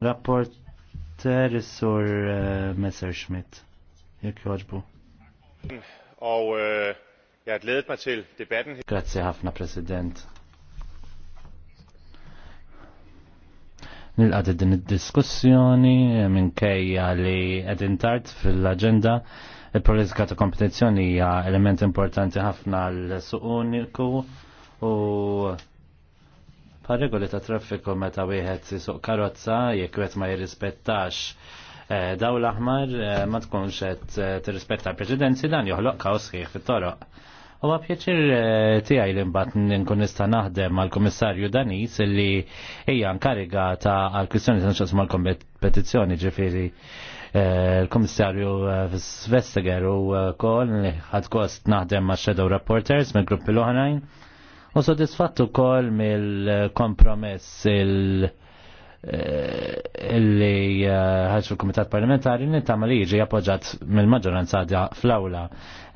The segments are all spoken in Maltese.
Rapporter sur uh, Schmidt. Jekk joġbu. Og uh, jeg glædet mig til debatten. Grazie ħafna, President. Nilqad din id-diskussjoni eh, minkejja li qegħdin tard fil agenda il-politika ta' kompetizzjoni hija element importanti ħafna l suqoniku u Par regoli ta' traffiku meta wieħed isuq karozza jekk wieħed ma jirrispettax eh, dawl l-aħmar eh, ma tkunx qed eh, tirrispetta l-preċedenzi dan joħloq kaos sħiħ fit-toroq. U pjaċir tiegħi li mbagħad nkun nista' naħdem mal-Kummissarju Danis li hija nkariga ta' għal kwistjoni ta' nxas mal-kompetizzjoni ġifieri l-Kummissarju Svestager u kol ħad kost naħdem ma' Shadow Reporters mill-gruppi l-oħrajn U soddisfattu kol mill-kompromess il- eh, li eh, ħaxu l-Komitat Parlamentari nittama li jiġi appoġġat mill-maġġoranza fl-awla.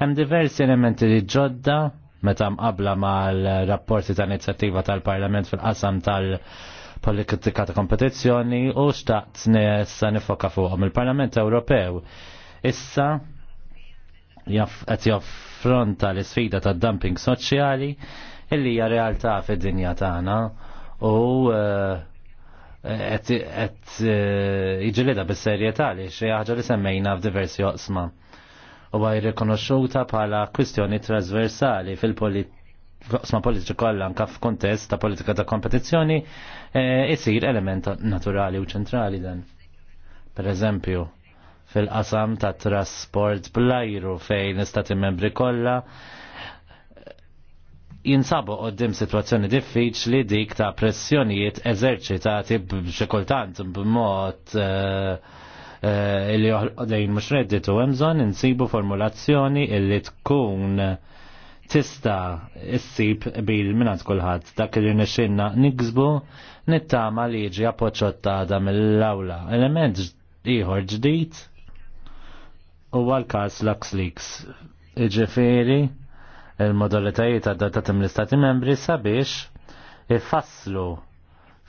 Hemm diversi elementi li ġodda meta mqabla mal-rapporti ta' inizjattiva tal-Parlament fil-qasam tal-politika ta' kompetizzjoni u xtaqt nessa nifoka fuqhom. Il-Parlament Ewropew issa qed jaffronta l-isfida tad-dumping soċjali illi hija realtà fid-dinja tagħna u eh, qed eh, jiġilidha bis-serjetà li xi ħaġa li semmejna f'diversi oqsma. U għaj rikonoxxuta bħala kwistjoni trasversali fil-oqsma politiċi kollha anke f'kuntest ta' politika ta' kompetizzjoni eh, isir element naturali u ċentrali dan. Per eżempju, fil-qasam ta' trasport bl-ajru fejn istati membri kollha jinsabu għoddim situazzjoni diffiċli dik ta' pressjonijiet eżerċitati b'xikultant b'mod eh, eh, li għodin mux redditu għemżon insibu formulazzjoni illi tkun tista issib bil minat kullħat dak li nixinna nigzbu nittama li ġi da mill-awla. Element iħor ġdijt u għal-kas Lux Leaks. Iġifiri, il-modalitajiet għaddattatim l-Istati membri sabiex ifasslu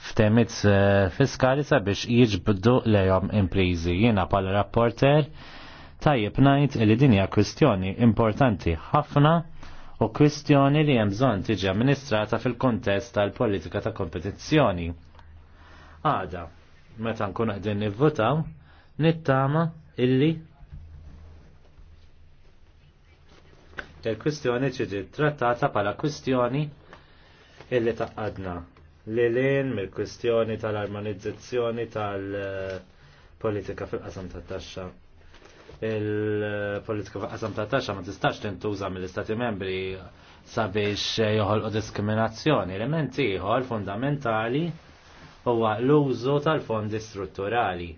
f'temiet eh, fiskali sabiex jiġbdu lejhom imprizi. Jiena pal rapporter tajjeb ngħid li din hija kwistjoni importanti ħafna u kwistjoni li hemm bżonn tiġi amministrata fil-kontest tal-politika ta' kompetizzjoni. Għada, meta nkunu qegħdin nivvotaw, nittama illi Il-kwistjoni ġiġi trattata pala kwistjoni illi taqqadna li lin mill-kwistjoni tal-armonizzazzjoni tal-politika fil-qasam tat-taxxa il-politika fil-Qasam ta' taxxa ma tistax tintuża mill-Istati membri sabiex joħolqu diskriminazzjoni. Element ieħor fundamentali huwa l-użu tal-fondi strutturali.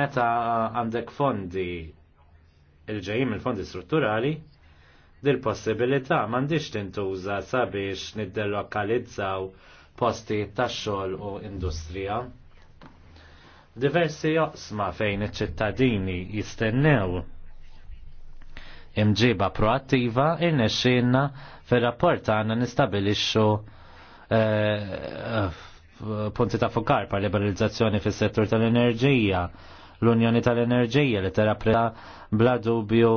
Meta għandek fondi il-ġejjin il fondi strutturali dil possibilità mandiċ tintuża sabiex niddelokalizzaw posti tax-xogħol u industrija. Diversi joqsma fejn iċ-ċittadini jistennew imġiba proattiva irnexxinna fir-rapport għandna nistabilixxu eh, punti ta' fukar pa' liberalizzazzjoni fis settur tal-enerġija, l-Unjoni tal-Enerġija li terappreta bla dubju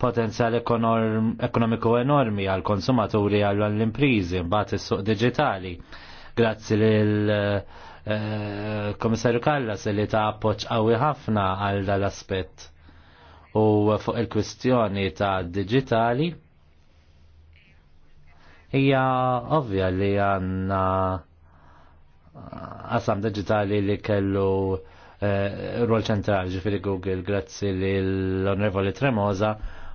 potenzjal ekonomiku enormi għal konsumaturi għal l-imprizi mbagħad is-suq digitali. Grazzi lil eh, Komissarju Kallas li ta' appoġġ qawwi ħafna għal dal-aspett. U fuq il-kwistjoni ta' digitali hija ovvja li għandna eh, qasam digitali li kellu Eh, rol ċentrali ġifiri Google grazzi li l-onorevoli Tremosa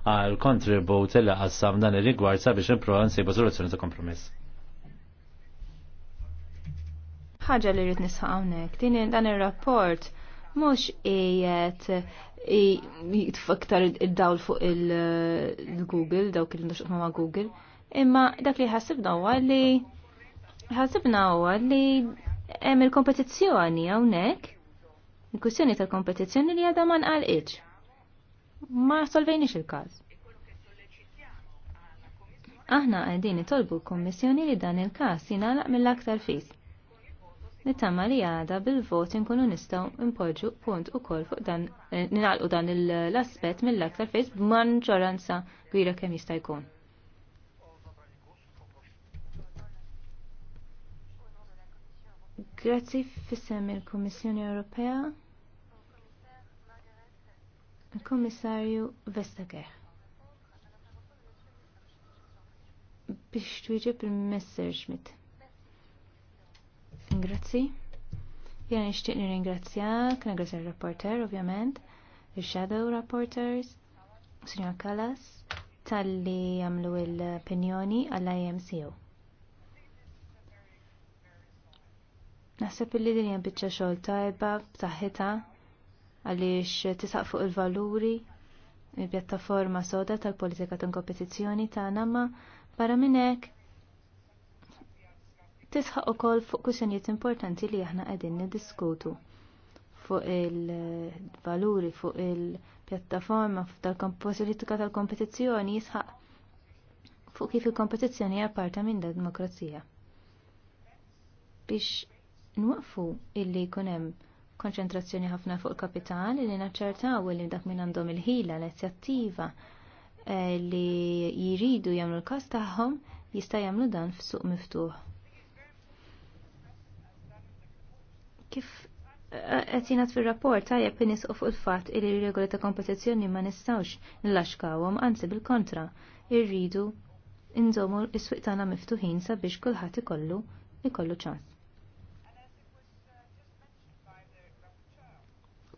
għal kontribut li għassam dan ir-rigward sabiex improva nsibu soluzzjoni ta' kompromiss. Ħaġa li rrid nisħaq hawnhekk, din dan ir-rapport mhux qiegħed jitfaktar id-dawl fuq il-Google, dawk il nduxqma ma' Google, imma dak li ħassibna huwa li ħassibna huwa li hemm il-kompetizzjoni hawnhekk il kussjoni tal-kompetizzjoni li għadha ma nqalqitx. Ma solvejniex il-każ. Aħna għedin tolbu kommissjoni li dan il-kas jinalaq mill-aktar fis. Nittama li għada bil-vot inkunu nistaw impoġu punt u kol fuq dan, eh, ninalqu dan l-aspet mill-aktar fis b'man ġoranza gwira kem jista' jkun. Grazzi fissem il-Kommissjoni Ewropea. Komissarju Vestager. Biex twieġeb il-message mit. Grazzi. Jena nixtieq nirringrazzjak, nirringrazzja il-rapporter ovvjament, il-shadow rapporters, Signor Kallas, tal-li għamlu l-opinjoni għall-IMCO. Naħseb li din hija biċċa xogħol tajba b'saħħita għaliex tisaq fuq il-valuri il-pjattaforma soda tal-politika tal kompetizzjoni ta' ma barra minn hekk tisħaq ukoll fuq kwistjonijiet importanti li aħna qegħdin niddiskutu fuq il-valuri, fuq il-pjattaforma tal-politika tal-kompetizzjoni jisħaq fuq kif il-kompetizzjoni hija minn da demokrazija. Biex nwaqfu illi jkun hemm konċentrazzjoni ħafna fuq il-kapital li naċċertaw li dak minn għandhom il-ħila l-inizjattiva eh, li jiridu jagħmlu l-każ tagħhom jista' jagħmlu dan f'suq miftuħ. Kif eh, qed jingħad fir-rapport tajjeb inisqu fuq il-fatt li r-regoli ta' kompetizzjoni ma nistgħux nillaxkawhom anzi bil-kontra irridu nżommu s-swieq tagħna miftuħin sabiex kulħadd ikollu ikollu ċans.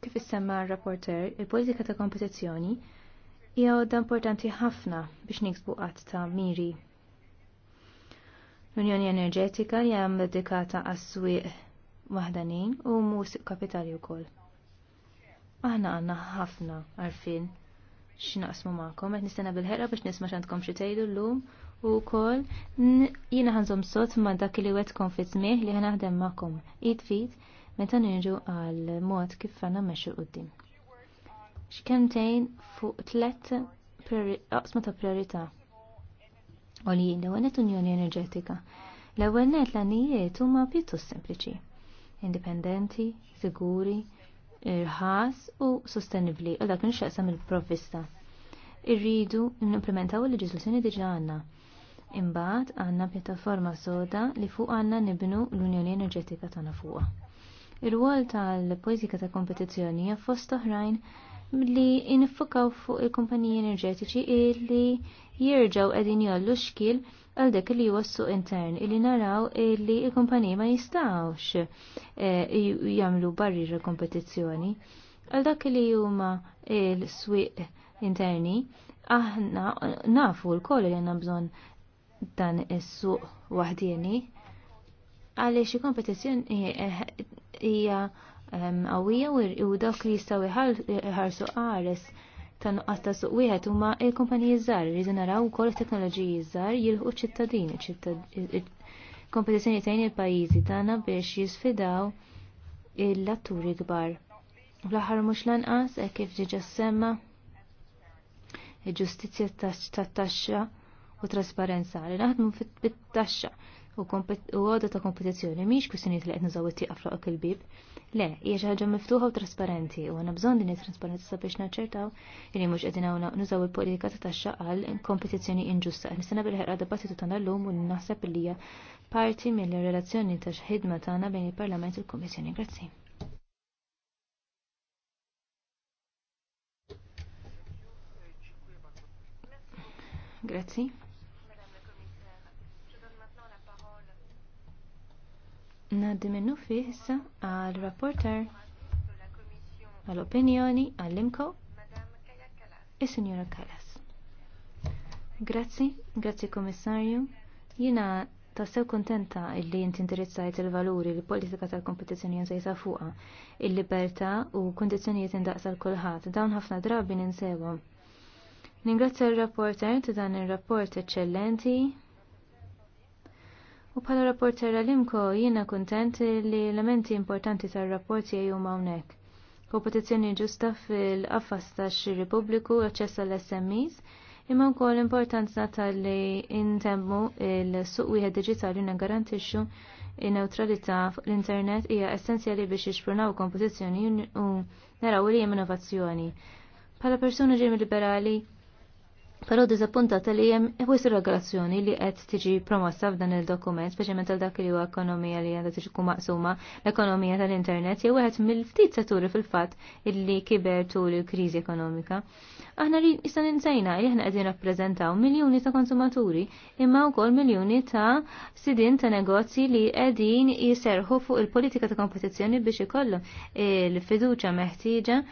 Kif issemma r-rapporter, il-politika ta' kompetizzjoni hija għodda importanti ħafna biex niksbu qatt ta' miri. L-Unjoni Enerġetika li għam dedikata għas-swieq waħdanin u mus kapitali wkoll. Aħna għandna ħafna għarfien x'naqsmu magħkom qed nistenna bil biex nisma' x'għandkom xi tgħidu llum u wkoll jiena ħanżom sod ma' dak li wetkom fi smih li ħanaħdem magħkom. Id fit meta nirġu għal mod kif għanna meċu qoddim. X'kemtejn fuq tlet qasma ta' priorità u li l-ewwel Unjoni Enerġetika. L-ewwel net l-għanijiet huma pjuttost sempliċi, indipendenti, siguri, irħas u sostenibli u dak nixaqsam il-provvista. Irridu n-implementaw il-leġislazzjoni diġa għanna. Imbagħad għandna pjattaforma soda li fuq għandna nibnu l-Unjoni Enerġetika tagħna fuqha. Ir-rwol tal poetika ta' kompetizzjoni hija fost oħrajn li iniffokaw fuq il-kumpaniji enerġetiċi li jirġaw qegħdin jollu xkil għal dak li huwa suq intern illi naraw illi il-kumpaniji ma jistgħux eh, jagħmlu barriera kompetizzjoni. Għal dak li huma il-swieq interni, aħna nafu l-koll li għandna bżonn dan is-suq waħdieni għaliex il-kompetizzjoni eh, hija qawwija u dak li jistgħu iħarsu għares ta' nuqqas ta' suq wieħed huma l-kumpaniji żgħar li naraw ukoll it-teknoloġiji żgħar jilħu ċittadini kompetizzjoni tajn il-pajjiżi tagħna biex jisfidaw l-atturi kbar. Fl-aħħar mhux lanqas hekk kif diġà semma il-ġustizzja tat-taxxa u trasparenza li naħdmu fit-taxxa u għoda ta' kompetizzjoni miex kwistjoniet li qed nużaw it-tieqa floq il-bib. Le, hija ħaġa miftuħa u trasparenti u għandna bżonn din it-trasparenza sabiex naċċertaw li mhux qegħdin hawn nużaw il-politika ta' taxxa għal kompetizzjoni inġusta. Nistana bil-ħerqa dibattitu tagħna llum u naħseb li hija parti mill-relazzjoni ta' x'ħidma tagħna bejn il-Parlament u l-Kummissjoni. Grazzi. Grazie. Naddi minnu fih issa għal rapporter għal opinjoni għal imko i-Signora Kallas. Grazzi, grazzi Komissarju. Jina tassew kontenta illi jinti indirizzajt il-valuri li politika tal-kompetizzjoni jazajta fuqa, il-libertà u kondizjonijiet indaqsa l kolħat dawn ħafna drabi ninsewom. Ningrazzja l-rapporter ta' dan il-rapport eccellenti U bħala rapporter għalimko jiena kontent li elementi importanti tar-rapport jgħu hawnhekk. Kompetizzjoni ġusta fil-qafas tax-xiri pubbliku, aċċess għall-SMEs, imma wkoll importanza tal-li intemmu il-suq wieħed diġitali nagarantixxu in-neutralità fuq l-internet hija essenzjali biex jixprunaw kompetizzjoni u naraw li hemm innovazzjoni. Bħala persuna ġim liberali, Pero dizappuntata li jem iħwis regolazzjoni li qed tiġi promossa f'dan il-dokument, speċjalment għal dak li huwa ekonomija li għandha tiġi maqsuma l-ekonomija tal-internet jew wieħed mill-ftit saturi fil-fatt illi kiber tul il-kriżi ekonomika. Aħna li issa ninsejna li aħna qegħdin rappreżentaw miljuni ta' konsumaturi imma wkoll miljuni ta' sidin ta' negozji li qegħdin jiserħu fuq il-politika ta' kompetizzjoni biex ikollhom il-fiduċja meħtieġa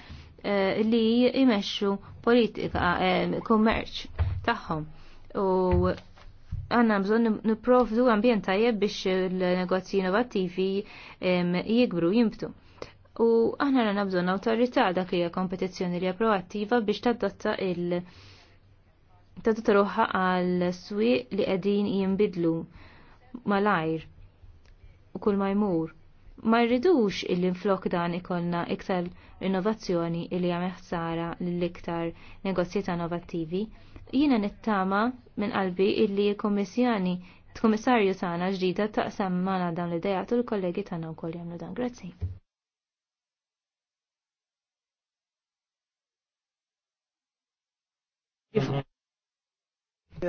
Eh, li jimexxu politika eh, kummerċ tagħhom. U għanna bżon niprofdu ambjent tajjeb biex il negozji innovativi jikbru jimbtu. U aħna għanna bżon autorità dak hija kompetizzjoni li proattiva biex taddotta il- tadotta ruħa għal swieq li qegħdin jinbidlu malajr u kull ma jmur ma rridux il-inflok dan ikollna iktar innovazzjoni illi għam ħsara l-iktar negozji innovattivi. Jina nittama minn qalbi illi kommissjani t-komissarju tagħna ġdida taqsam mana dawn l idea tul l-kollegi tagħna wkoll jagħmlu dan. Grazzi.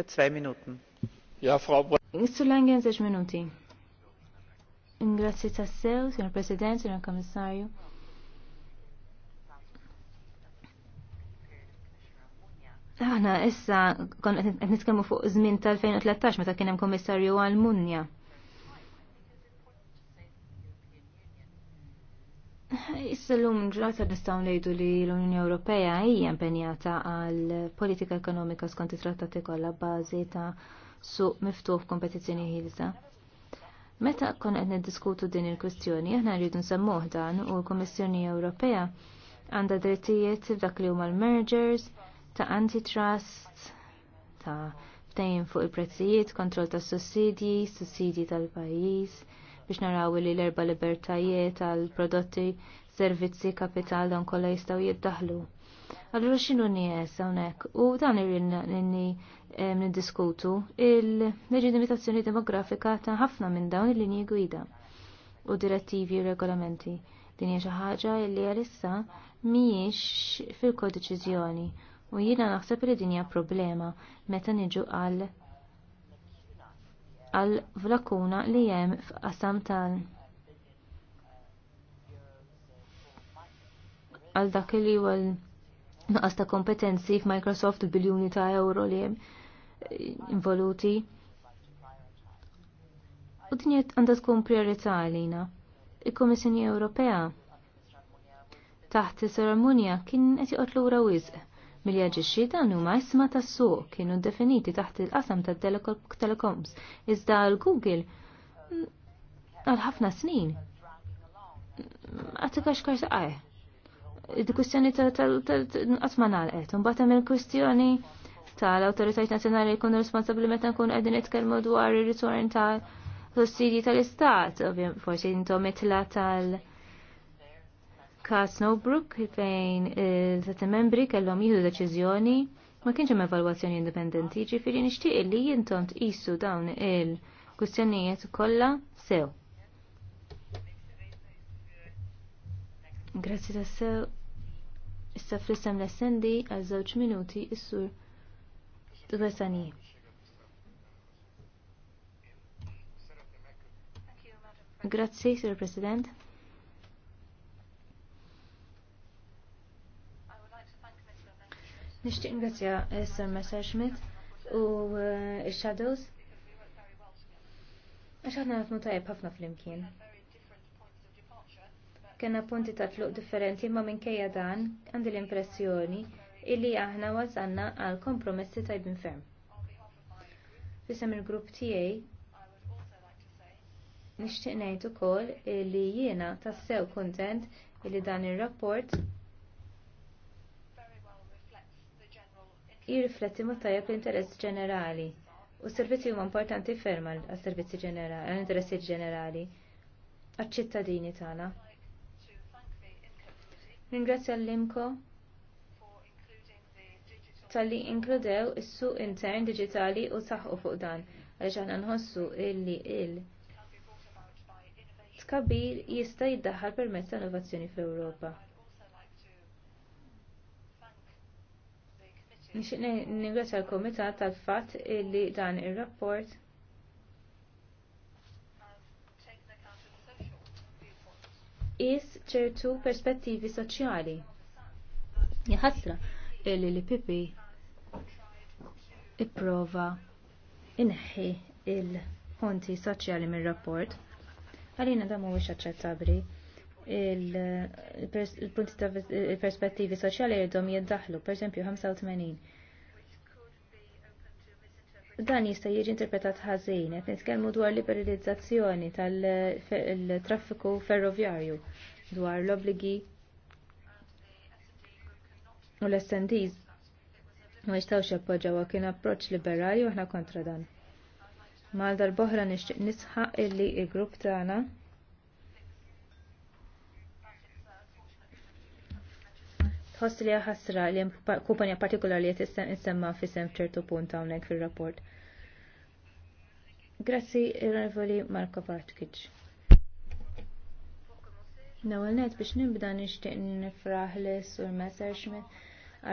Zwei Minuten. Ja, Frau Brönnimann. Ist zu lang, sechs Minuten. Ingrazzi tassew, signor President, signor Kommissarju. Aħna issa kon qed nitkellmu fuq żmien tal-2013 meta kien hemm Kummissarju Almunja. Issa l-lum ġrata nistgħu ngħidu li l-Unjoni Ewropea hija impenjata għal politika ekonomika skont it-trattati kollha bażi ta' suq miftuħ kompetizzjoni ħilsa. Meta kon qed niddiskutu din il-kwistjoni, aħna rridu nsemmuh dan u l-Kummissjoni Ewropea għandha drittijiet f'dak li huma l-mergers, ta' antitrust, ta' ftehim fuq il-prezzijiet, kontroll ta' sussidji, sussidji tal-pajjiż, biex naraw li l-erba libertajiet tal-prodotti, servizzi, kapital dan kollha jistgħu jiddaħlu Allura x'inhu nies hawnhekk u dan n niddiskutu il-reġimitazzjoni demografika ta' ħafna minn dawn il-linji gwida u direttivi u regolamenti. Din hija xi ħaġa li għalissa mhijiex fil-kodeċiżjoni u jiena naħseb li din hija problema meta niġu għal għal vlakuna li jem f'qasam tal għal dak li huwa naqas ta' kompetenzi f'Microsoft biljuni ta' euro li jem eh, involuti. U din għandha tkun priorità għalina. Il-Kummissjoni Ewropea taħt is-seremonja kien qed joqgħod lura wisq milli jaġixxi dan huma isma tas-suq kienu definiti taħt il-qasam tat-telecoms iżda għal Google mm, għal ħafna snin. Mm, Għatikax kar saqaj il-kwistjoni tal għal nalqet, un batem il-kwistjoni tal-autoritajt nazjonali jkunu responsabli meta nkun qegħdin nitkellmu dwar ir-ritorn ta' sussidji tal-istat, forsi intom itla tal- ka' Snowbrook fejn il-sette membri kellhom jieħdu deċiżjoni ma kienx hemm evalwazzjoni indipendenti, ġifieri nixtieq li jintom tqisu dawn il-kwistjonijiet kollha sew. Grazzi ta' sew. Issa fl la sendi għal żewġ minuti is-sur Tuvesani. Grazzi, Sir President. Nishtiq ngrazzja eh, Sir Messer Schmidt u uh, eh, Shadows. Għax aħna għatmu tajb ħafna fl-imkien kena punti ta' tluq differenti ma' minkejja dan għandi l-impressjoni illi aħna wasanna għal kompromessi tajbin ferm. Fisem il-grupp tiegħi nixtieq ngħid ukoll li jiena tassew kuntent illi dan ir-rapport jirrifletti ma tajjeb l-interess ġenerali u s-servizzi huma importanti ferm għall-interessi ġenerali għall-ċittadini tagħna. Ringrazzja l-Limko tal-li inkludew is-suq intern digitali u saħħu fuq dan għaliex aħna nħossu illi il tkabbir jista' jiddaħħal permezz ta' innovazzjoni fl-Ewropa. Nixtieq ningrazzja l-Kumitat tal-fatt illi dan ir-rapport is ċertu perspettivi soċjali. Jaħasra li li pipi ipprova inħi il-punti soċjali mir-rapport. Għalina da mhuwiex aċċettabbli il-punti ta' perspettivi soċjali jirdom jiddaħlu, per esempio 85. Dan jista' jiġi interpretat ħażin, qed nitkellmu dwar liberalizzazzjoni tal-traffiku ferroviarju dwar l-obligi u l-SNDs ma jistawx jappoġġaw kien approċċ liberali u aħna kontra dan. Mal darboħra nixtieq nisħaq illi il-grupp tagħna tħoss li ħasra li hemm kumpanija partikolari li qed insemma fi sem ċertu punt hawnhekk fir-rapport. Grazzi, Irrevoli Marko Partkic. Nawel net biex nibda nixtieq nifraħ li sur Messerschmidt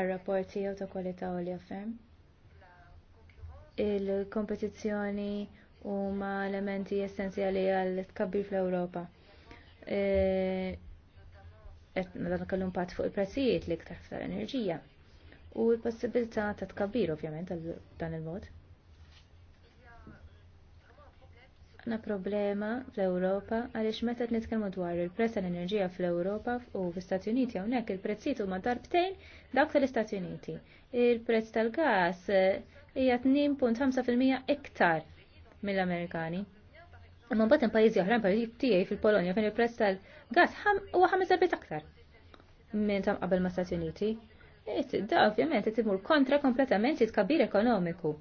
għal-rapport jew ta' kwalità għolja ferm. Il-kompetizzjoni huma elementi essenzjali għal tkabbir fl-Ewropa. E, dan kellu impatt fuq il-prezzijiet li iktar fl enerġija u l-possibilità ta' tkabbir ovvjament għal dan il-mod. għandna problema fl-Ewropa għaliex meta qed nitkellmu dwar il-prezz tal-enerġija fl-Ewropa u fl-Istati Uniti hawnhekk il-prezzijiet huma darbtejn dawk tal-Istati Uniti. Il-prezz tal-gas eh, hija 2.5% iktar mill-Amerikani. Imma mbagħad hemm pajjiżi oħrajn pajjiż tiegħi fil-Polonja fejn il-prezz tal-gas huwa ħames darbiet aktar minn tam qabel ma' Stati Uniti. Da ovvjament qed imur kontra kompletament it-kabir ekonomiku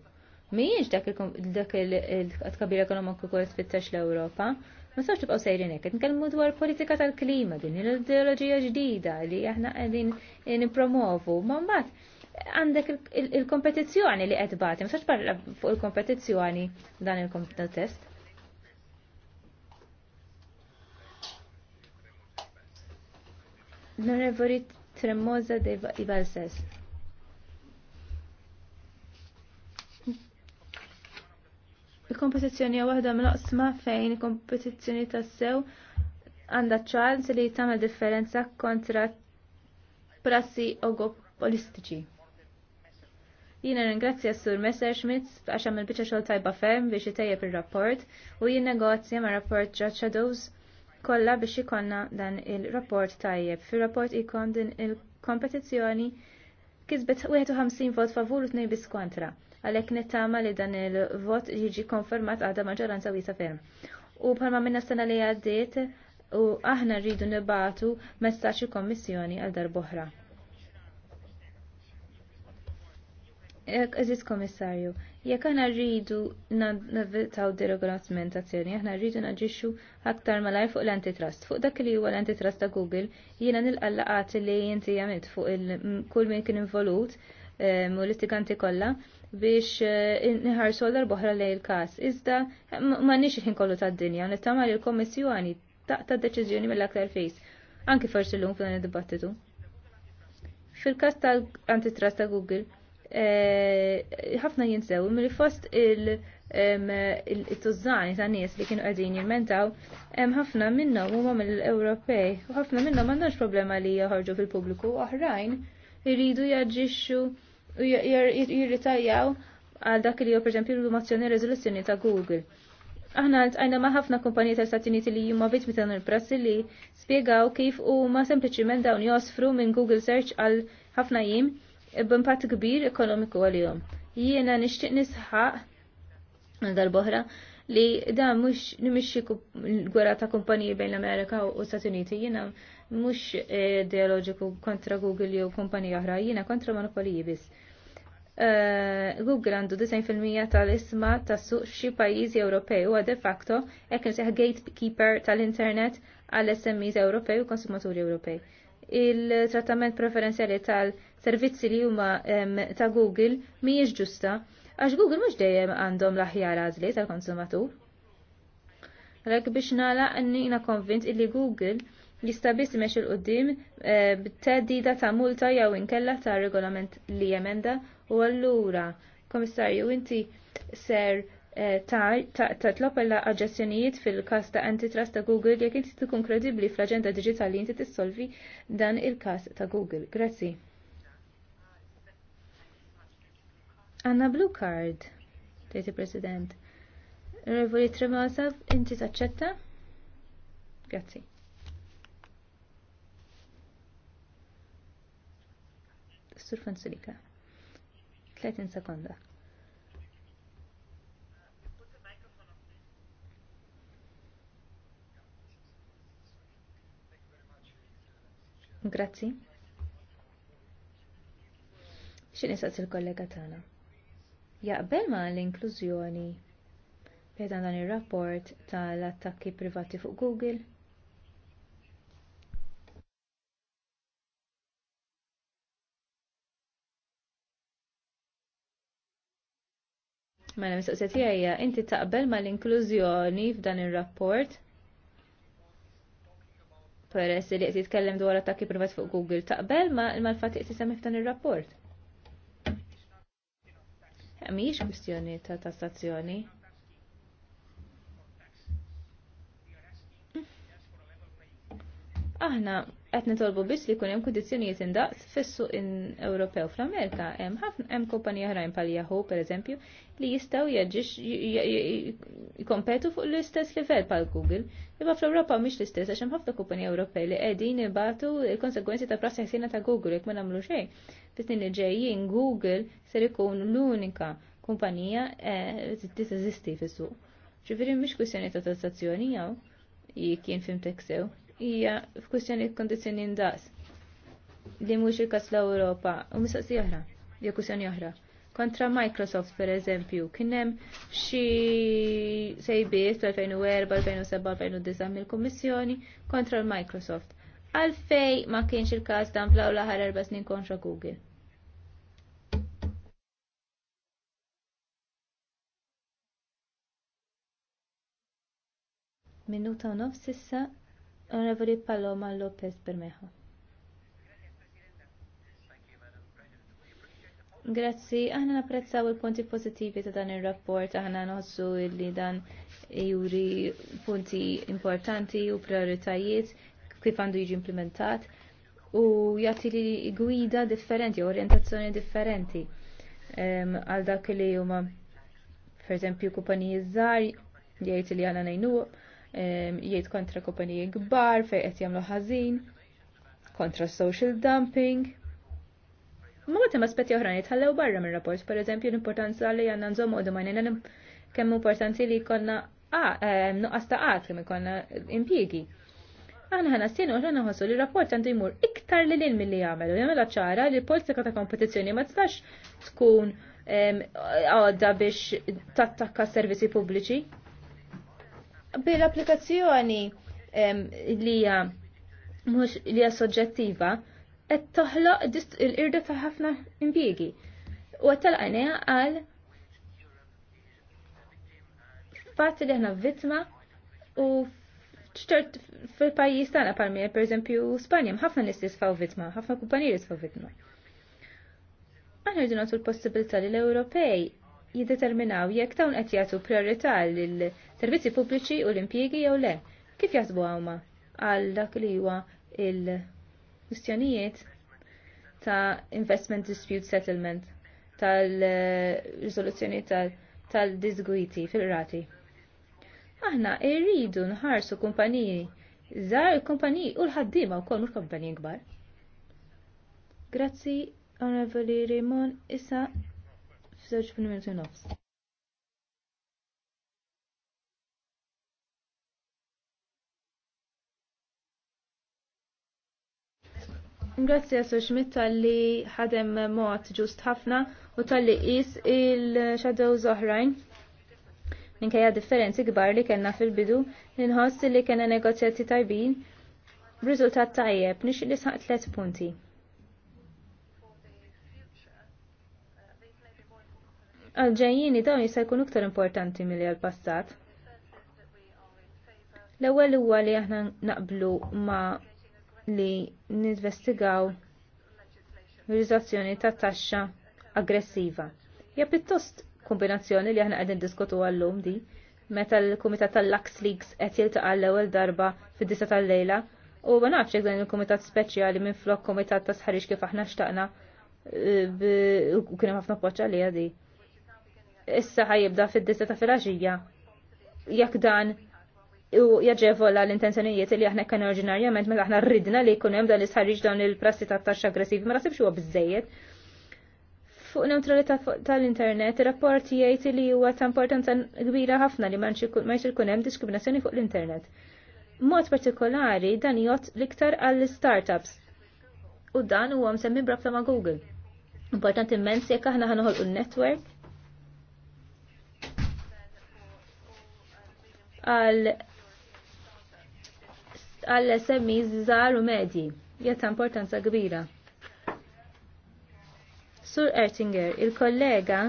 Mhijiex dak il-kabir ekonomiku kol tfittex l-Ewropa. Ma sarx tibqgħu sejrin hekk, qed dwar politika tal-klima din l ideologija ġdida li aħna qegħdin nippromovu. Ma mbagħad għandek il-kompetizzjoni li qed bagħti, ma sarx parla fuq il-kompetizzjoni dan il test L-Onorevoli Tremosa de Ibalses. Il-kompetizzjoni hija waħda mill-oqsma fejn il-kompetizzjoni tassew għandha ċans li tagħmel differenza kontra prassi ogopolistiċi. Jiena ringrazzja Sur Messer Schmitz għax għamil biċċa xogħol tajba ferm biex itejjeb ir-rapport u jien negozja ma' rapport Judge Shadows kollha biex ikonna dan il-rapport tajjeb. Fir-rapport ikon din il-kompetizzjoni kisbet 51 vot favur u 2 bis kontra għalhekk nittama li dan il-vot jiġi konfermat għadha maġġoranza wiesa ferm. U bħalma minna sena li għaddit u aħna rridu nibatu messaġġ il-Kommissjoni għal darb'oħra. Eżis komissarju, jekk aħna rridu nabitaw deregolamentazzjoni, aħna rridu naġixxu aktar malaj fuq l-antitrust. Fuq dak li huwa l-antitrust ta' Google, jiena nilqallaqat li jinti jamit fuq il kull min kien involut eh, u litiganti kollha biex eh, niħarsu l-boħra li l kas Iżda, ma nix iħin kollu ta' dinja, nittama li l ta' ta' deċiżjoni mill-aktar fejs, anki forsi l-lum fil dibattitu. Fil-kas tal-antitrust ta' Google, eh, ħafna jinsew, mill fost il-tużżani ta' nies li kienu għadin jirmentaw, ħafna minnom huma mill-Ewropej, u ħafna minnom għandhomx problema li jħorġu fil-pubbliku, oħrajn irridu jaġġixxu jirritajjaw għal dak li per esempio l-mazzjoni rezoluzzjoni ta' Google. Aħna għajna ma' ħafna kumpaniji ta' Stati Uniti li jumma vittmi ta' il-prassi li spiegaw kif u ma' sempliciment dawn josfru minn Google Search għal ħafna jim b'impatt kbir ekonomiku għal-jom. Jiena nixtieq nisħaq dal-boħra li dan mhux nimixxi gwera ta' kumpaniji bejn l-Amerika u Stati Uniti. Jiena mhux eh, ideoloġiku kontra Google jew kumpanija oħra, jiena kontra monopoliji biss. Eh, Google għandu 90% tal-isma tas-suq f'xi pajjiżi Ewropej u de facto hekk insejħ gatekeeper tal-internet għall SMEs Ewropej u konsumaturi Ewropej. Il-trattament preferenzjali tal-servizzi li huma ta' Google mhijiex ġusta għax Google mhux dejjem għandhom l-aħjar għażli tal-konsumatur. Rek biex nagħlaq nina konvint illi Google jista' biss mex il qudiem eh, b'teddida ta' multa jew inkella ta' regolament li jemenda u allura komissarju inti ser eh, tatlob għal aġġessjonijiet fil-każ ta' antitrust ta' Google jekk inti tkun kredibbli fl-aġenda diġitali inti tissolvi dan il-każ ta' Google. Grazzi. Anna Blue Card, tejti President. Revoli Tremasa, inti taċċetta? Grazzi. Sur Fonsulika. 30 sekonda. Grazzi. Xin nisaqs il-kollega tagħna. Jaqbel ma l-inklużjoni bejn dan ir rapport tal-attakki privati fuq Google Mela mistoqsija tiegħi inti taqbel mal-inklużjoni f'dan ir-rapport peress li qed jitkellem dwar attakki privat fuq Google taqbel mal-fatt qed isemmi f'dan ir-rapport. Mhijiex kwistjoni ta' tassazzjoni. Aħna qed nitolbu biss li jkun hemm kundizzjonijiet indaqs fis-suq Ewropew fl-Amerika hemm ħafna hemm kumpanija oħrajn bħal Yahoo pereżempju li jistgħu jaġix jikompetu fuq l-istess livell bħal Google. Imma fl-Ewropa mhix l-istess għax hemm ħafna kumpanija Ewropej li qegħdin ibatu l-konsegwenzi ta' prassi ħsiena ta' Google jekk ma nagħmlu xejn. Fis-snin li ġejjin Google ser ikun l-unika kumpanija eh, li teżisti fis-suq. Ġifieri mhix kwistjoni ta' tassazzjoni jew jien fim sew hija f'kwistjoni kondizzjoni ndaqs li mhux il-każ l-Ewropa u mistoqsija oħra, jew kwistjoni oħra. Kontra Microsoft per eżempju, kien hemm xi sejbiet fl-2004, 2007, 2009 mill-Kummissjoni kontra l-Microsoft. Għalfej ma kienx il-każ dan fl l-aħħar erba' snin kontra Google. Minuta u nofs issa Onorevoli Paloma Lopez Bermejo. Grazzi, aħna napprezzaw il-punti pozittivi ta' dan il-rapport, aħna nħossu li dan juri punti importanti u prioritajiet kif għandu jiġi implementat u jagħti li gwida differenti, orientazzjoni differenti għal dak li huma per eżempju kumpaniji żgħar jgħid li għana ngħinuhom jgħid kontra kompanijiet kbar fejn qed jagħmlu ħażin, kontra social dumping. Ma matem aspetti oħrajn jitħallew barra minn rapport, per eżempju l-importanza li għanna nżommu u domajnina kemm importanti li konna nuqqas taqat kemm ikollna impjiegi. Aħna ħana s-sinu ħana nħossu li rapport għandu jmur iktar li l-in mill-li għamelu, jgħamela ċara li l-politika ta' kompetizjoni ma tistax tkun għodda biex tattakka servizi pubbliċi bil-applikazzjoni li hija mhux li hija soġġettiva qed toħloq l-irda ta' ħafna impjiegi. U qed talqanija għal fatt li aħna vittma u ċert fil-pajjiż tagħna palmi pereżempju Spanja ħafna nies jisfaw vittma, ħafna kumpaniji jisfaw vittma. Aħna rridu nagħtu l-possibilità li l-Ewropej jiddeterminaw jekk dawn qed jagħtu priorità lil servizzi pubbliċi u l-impjiegi jew le. Kif jaħsbu huma għal dak li huwa il-kwistjonijiet ta' investment dispute settlement tal-riżoluzzjoni tal-disgwiti fil-rati. Aħna irridu nħarsu kumpaniji Zar il-kumpaniji u l-ħaddima u kollu l-kumpaniji gbar. Grazzi, onorevoli Raymond, issa f'żewġ minuti nofs. Grazie għasu Schmidt tal-li ħadem mod ġust ħafna u tal-li qis il-Shadow Zohrajn. Minkejja differenzi kbar li kellna fil-bidu, ninħoss li kena negozjati tajbin, b'riżultat tajjeb nix li saq tlet punti. għalġajjini dawn jista' jkun iktar importanti milli għal-passat. L-ewwel huwa li aħna naqblu ma li ninvestigaw riżazzjoni ta' taxxa aggressiva. Ja pittost kombinazzjoni li aħna qegħdin diskutu għallum di meta l-Kumitat tal-Lux Leaks qed jiltaqa' l-ewwel darba fid-disa tal-lejla u ma nafx jekk dan il-Kumitat Speċjali minn flok Kumitat ta' Sħarix kif aħna xtaqna eh, u kien hemm ħafna poċċa li għadi issa ħajibda fid-disa ta' filaġija. Jekk dan u jaġevola l-intenzjonijiet li aħna kena oriġinarjament mela aħna rridna li jkun hemm dan isħarriġ dawn il-prassi ta' taxxa aggressivi ma nasibx huwa biżejjed. Fuq neutralità tal-internet, ir-rapport jgħid li huwa ta' importanza kbira ħafna li ma ikun hemm diskriminazzjoni fuq l-internet. Mod partikolari dan jgħod l-iktar għall-startups. U dan huwa msemmi brabta ma' Google. Importanti immens jekk aħna ħanħolqu n-network għal għall SMI u medji. Jeta importanza kbira. Sur Ertinger, il-kollega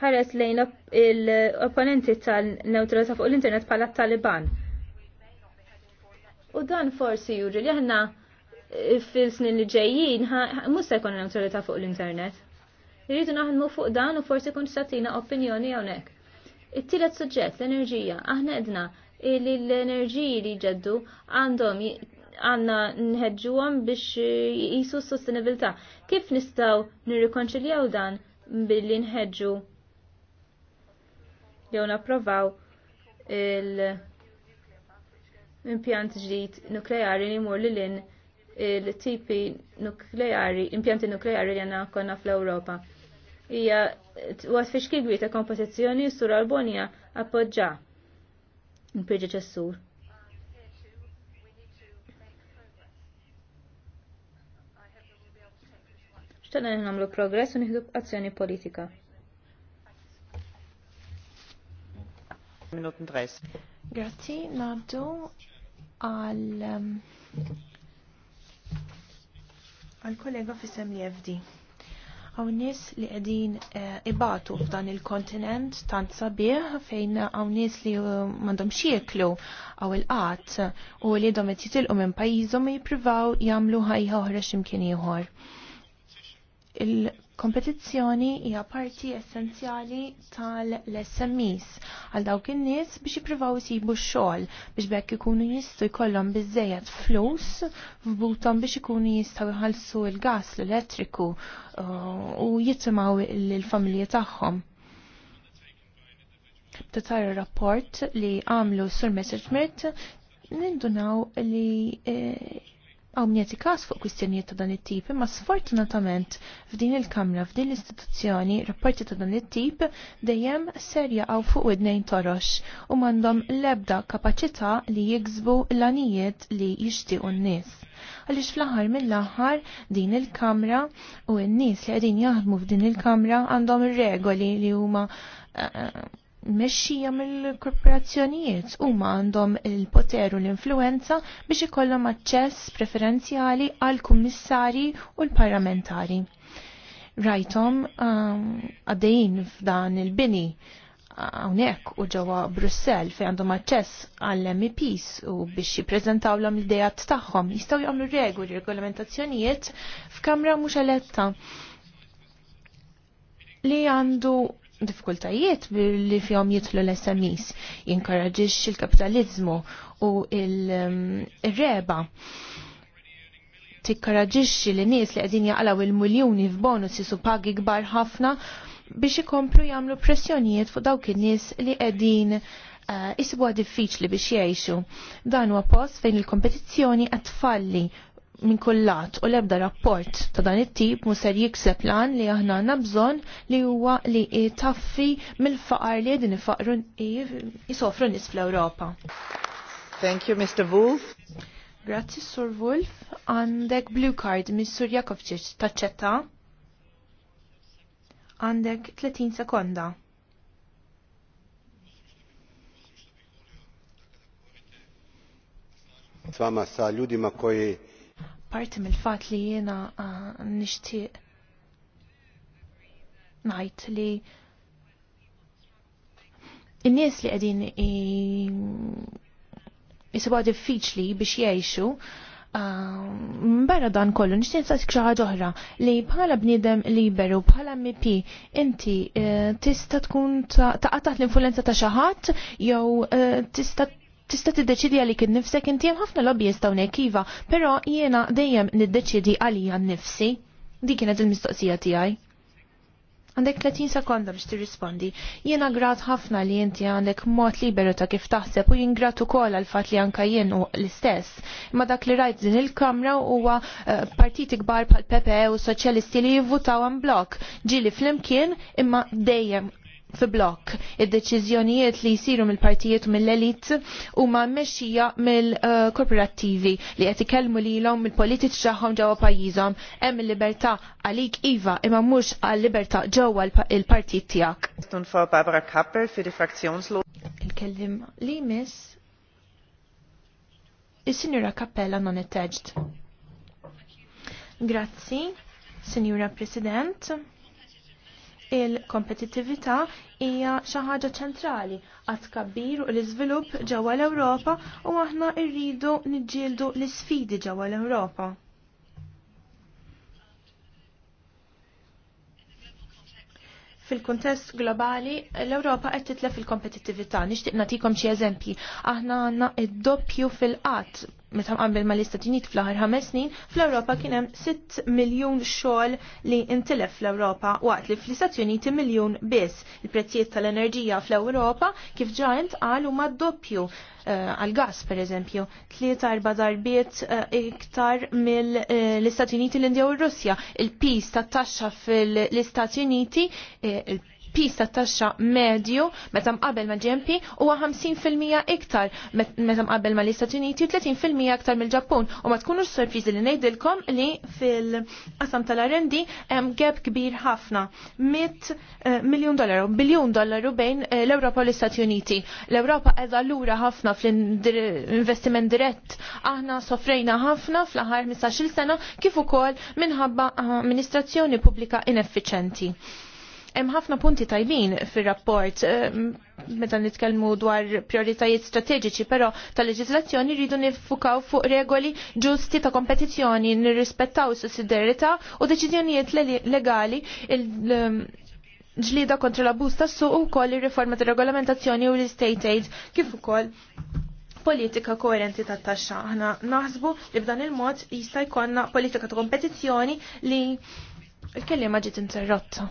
ħares lejn l-opponenti tal-neutralità fuq l-internet bħala Taliban. U dan forsi juri li aħna eh, fil-snin li ġejjin mhux se jkun neutralità fuq l-internet. Irridu naħdmu fuq dan u forsi kun satina opinjoni hawnhekk. It-tielet suġġett l-enerġija. Aħna edna li l-enerġiji li ġeddu għandhom għanna nħedġuhom biex jisu s-sostenibilità. Kif nistaw nirrikonċiljaw dan billi nħedġu jew napprovaw il-impjant ġdid nukleari li jmur lil il-tipi nukleari, impjanti nukleari li għanna konna fl-Europa hija għas fiex kigwi ta' kompożizzjoni sur Albonja appoġġa il-predeċessur. ċtana namlu progress u nħidu azzjoni politika. Minuten 30. Grazzi, naddu għal um, għal kollega fissem li FD. Għaw nis li għedin eh, ibatu f'dan il-kontinent tant sabiħ fejn eh, għaw nis li mandom xieklu għaw il-qat u li dom jitilqu minn pajizom jipruvaw jamlu ħajħa uħra ximkien ieħor Kompetizzjoni hija parti essenzjali tal-SMEs għal dawk in-nies biex jippruvaw isibu x-xogħol biex bekk ikunu jistgħu jkollhom biżejjed flus f'butom biex ikunu jistgħu jħallsu l-gas, l-elettriku uh, u jittimgħu lill-familji tagħhom. tara rapport li għamlu sur Messerschmitt nindunaw li eh, għaw mnieti kas fuq kwistjonijiet ta' dan it-tip, imma sfortunatament f'din il-kamra, f'din l-istituzzjoni, rapporti ta' dan it-tip dejjem serja għaw fuq id-nejn torox u mandom lebda kapacità li jigzbu l-anijiet li jixtiqu n-nis. Għalix fl-ħar mill-ħar din il-kamra u n-nis li għedin jaħdmu f'din il-kamra għandhom regoli li huma eh, eh, mexxija mill-korporazzjonijiet huma għandhom il-poter u l-influenza biex ikollhom aċċess preferenzjali għal kummissari u l-parlamentari. Rajtom um, għaddejjin um, f'dan il-bini uh, hawnhekk u ġewwa Brussell fejn għandhom aċċess għall MEPs u biex jippreżentawlhom l ideat tagħhom jistgħu jagħmlu regoli regolamentazzjonijiet f'kamra mhux eletta li għandu diffikultajiet li fjom jitlu l-SMEs, jinkoraġix il-kapitalizmu u um, il-reba. Tikkoraġix li nies li għedin jaqlaw il-miljoni f'bonus jisu pagi gbar ħafna biex ikomplu jagħmlu pressjonijiet fuq dawk in-nies li qegħdin uh, isibuha diffiċli biex jgħixu. Dan huwa post fejn il-kompetizzjoni qed tfalli minn kullat u lebda rapport ta' dan it-tip ser jikseb lan li aħna għandna bżonn li huwa li taffi mill-faqar li din ifaqru jisofru nis fl-Ewropa. Thank you, Mr. Wolf. Grazzi, Sur Wolf. Għandek blue card mis Sur Jakovčić taċċetta. Għandek 30 sekonda. S sa ljudima koji parti mill-fat li jiena ah, nixtieq ngħid li in-nies li qegħdin jisibuha diffiċli biex jgħixu ah, barra dan kollu nishtiq sa xi oħra li bħala bniedem liberu bħala MP inti eh, tista' tkun ta' taħt l-influenza ta' xi ħadd jew eh, tista' tista' tiddeċidi għalik nifsek inti hemm ħafna lobby hawnhekk iva, però jiena dejjem niddeċidi għalija nnifsi. Di kienet il-mistoqsija tiegħi. Għandek 30 sekonda biex tirrispondi. Jiena grat ħafna li inti għandek mod liberu ta' kif taħseb u jingrat ukoll għal fatt li anka jien u l-istess. Imma dak li rajt din il-Kamra huwa eh, partiti kbar bħal PPE u Soċjalisti li jivvutaw għan blok. Ġili flimkien imma dejjem fi blok. Id-deċiżjonijiet li jisiru mill-partijiet u mill-elit huma mmexxija mill-korporattivi li qed ikellmu lilhom mill-politiċi tagħhom ġewwa pajjiżhom hemm il-libertà għalik iva imma mhux għall-libertà ġewwa l-partit tiegħek. Barbara Kappel Il-kellim li miss is-Sinjura Kappella non etteġġ. Grazzi, Sinjura President. Il-kompetittività hija xi ħaġa ċentrali għad kabbir u l-iżvilupp ġewwa l-Ewropa u aħna rridu niġġieldu l-isfidi ġewwa l-Ewropa. fil kuntest globali l-Ewropa qed titlef fil-kompetittività. Nixtieq nagħtikom xi eżempji. Aħna għandna id-doppju fil-qatt meta qabel ma l-Istati Unit fl-aħħar ħames snin, fl-Ewropa kien hemm 6 miljun xogħol li intilef fl-Ewropa waqt li fl-Istati Uniti miljun biss. Il-prezzijiet tal-enerġija fl-Ewropa kif ġajent għal huma doppju eh, għal gas pereżempju, tlieta erba' darbiet eh, iktar mill-Istati eh, Uniti l-Indja u r-Russja. Il-pis tat-taxxa fl-Istati Uniti, il pista taxxa medju meta mqabel ma' ġempi huwa 50% iktar meta mqabel ma' l-Istati Uniti u 30% iktar mill-Ġappun u ma tkunux sorpriżi li ngħidilkom li fil-qasam tal-R&D hemm gap kbir ħafna 100 eh, miljun dollaru, biljun dollaru bejn eh, l-Ewropa u l-Istati Uniti. L-Ewropa qiegħda lura ħafna fl-investiment dirett. Aħna sofrejna ħafna fl-aħħar 15-il sena kif ukoll minħabba ah, amministrazzjoni pubblika ineffiċenti. Hemm ħafna punti tajbin fir-rapport eh, meta nitkellmu dwar prioritajiet strateġiċi, però tal-leġiżlazzjoni rridu nifukaw fuq regoli ġusti ta' kompetizzjoni, nirrispettaw sussidjarità u deċiżjonijiet legali ġlida kontra l-abbuż tas-suq ukoll ir-riforma tar-regolamentazzjoni u l istate aid kif ukoll politika koerenti ta' taxxa. Aħna naħsbu li b'dan il-mod jista' jkollna politika ta' kompetizzjoni li l-kelliema ġiet interrotta.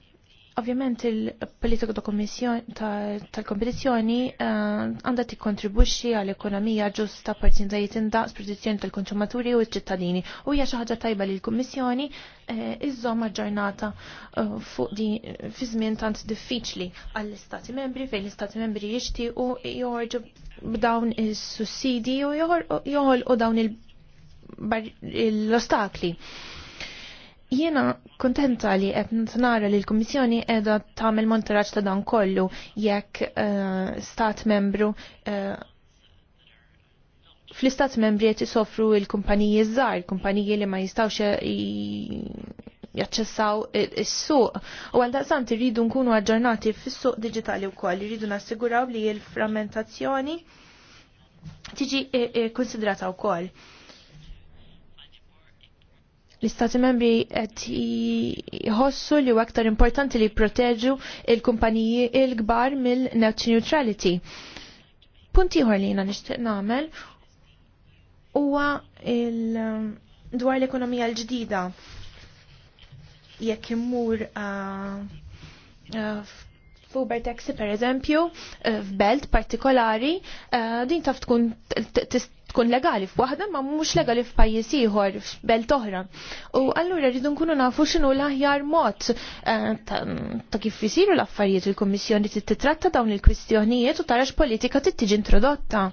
Ovvjament il-politika tal-kompetizjoni eh, għandha tikkontribwixxi għall ekonomija ġusta partinzajiet indaqs produzzjoni tal-konsumaturi u ċ-ċittadini. U hija xi ħaġa tajba li l-Kummissjoni eh, iżomma ġurnata eh, fuq di fi żmien tant diffiċli għall-Istati Membri fejn l-Istati Membri jixtiequ jorġu b'dawn is-sussidi u joħolqu dawn il ostakli Jiena kontenta li qed nara li l-Kummissjoni qiegħda tagħmel monitoraġġ ta' dan kollu jekk uh, stat membru uh, fl-istat membri qed isofru l-kumpaniji żgħar, kumpaniji li ma jistgħux eh, jaċċessaw is-suq. U għal daqsant irridu nkunu aġġornati fis-suq digitali wkoll, irridu nassiguraw li l-frammentazzjoni tiġi konsidrata wkoll. L-Istati membri qed jħossu li huwa aktar importanti li jipproteġu il-kumpaniji il-kbar mill-net neutrality. Punti ieħor li jiena nixtieq nagħmel huwa um, dwar l-ekonomija l-ġdida jekk immur f'Uber uh, uh, taxi per eżempju, uh, f'belt partikolari, din taf tkun tkun legali f'waħda ma mhux legali f'pajjiż ieħor f'belt oħra. U allura rridu nkunu nafu x'inhu l-aħjar mod eh, ta' kif isiru l-affarijiet il-Kummissjoni titratta dawn il-kwistjonijiet u tarax politika tittiġi introdotta.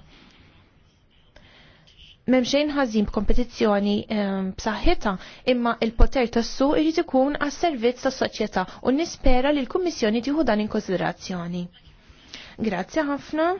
Memxejn ħażin b'kompetizzjoni eh, b'saħħitha, imma il-poter tas-suq irid ikun għas-servizz tas-soċjetà u nispera li l-Kummissjoni tieħu dan in konsiderazzjoni. Grazzi ħafna.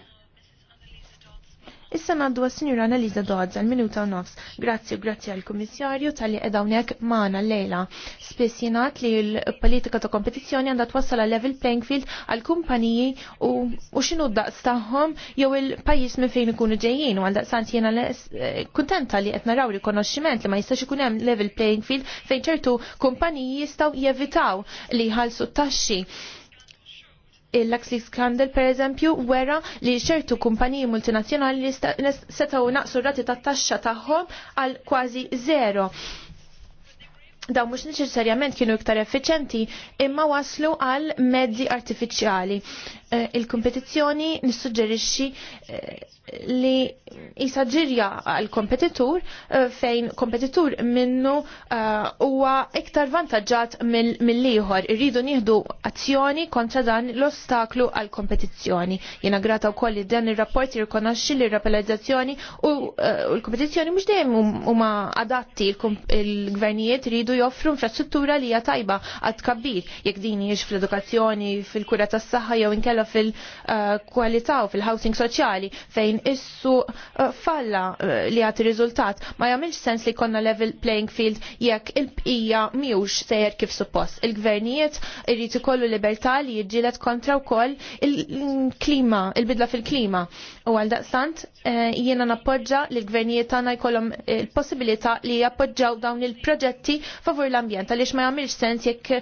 Issa naddu għas-Sinjura Analiza Dodds għal minuta nofs. Grazzi u grazzi għal kummissarju tal-li edawnek maħna l-lejla. Spessinat li l-politika ta' kompetizjoni għandha twassal level playing field għal kumpaniji u xinu daqs taħħom jew il-pajis minn fejn ikunu ġejjin u għal sant jena eh, kontenta li qed naraw rikonoxximent li ma jistax ikun hemm level playing field fejn ċertu kumpaniji jistgħu jevitaw li jħallsu t-taxxi il-Luxley Scandal per eżempju wera li ċertu kumpaniji multinazzjonali setaw naqsu rati ta' taxxa tagħhom għal kważi zero. Daw mhux neċessarjament kienu iktar effiċenti imma waslu għal mezzi artifiċjali. Eh, il-kompetizzjoni nissuġġerixxi eh, li jisa ġirja għal kompetitur eh, fejn kompetitur minnu huwa iktar vantaġġat mill-ieħor. Irridu nieħdu azzjoni kontra dan l-ostaklu għal kompetizzjoni. Jiena grata wkoll li dan ir-rapport jirkonoxxi li r-rapalizzazzjoni u l-kompetizzjoni mhux dejjem huma adatti il-gvernijiet iridu joffru infrastruttura li hija tajba għad kabbir jekk din hijiex fl-edukazzjoni, fil-kura tas-saħħa jew inkella kollha fil-kwalità u fil-housing soċjali fejn issu eh, falla eh, li għati riżultat ma jagħmilx sens li konna level playing field jekk il-bqija miwx sejjer kif suppost. Il-gvernijiet irrid ikollu libertà li jiġilet kontra wkoll il-klima, il-bidla fil-klima. U għal daqstant eh, jiena nappoġġa li l-gvernijiet tagħna jkollhom il-possibilità li jappoġġaw dawn il-proġetti favur l-ambjent għaliex ma jagħmilx sens jekk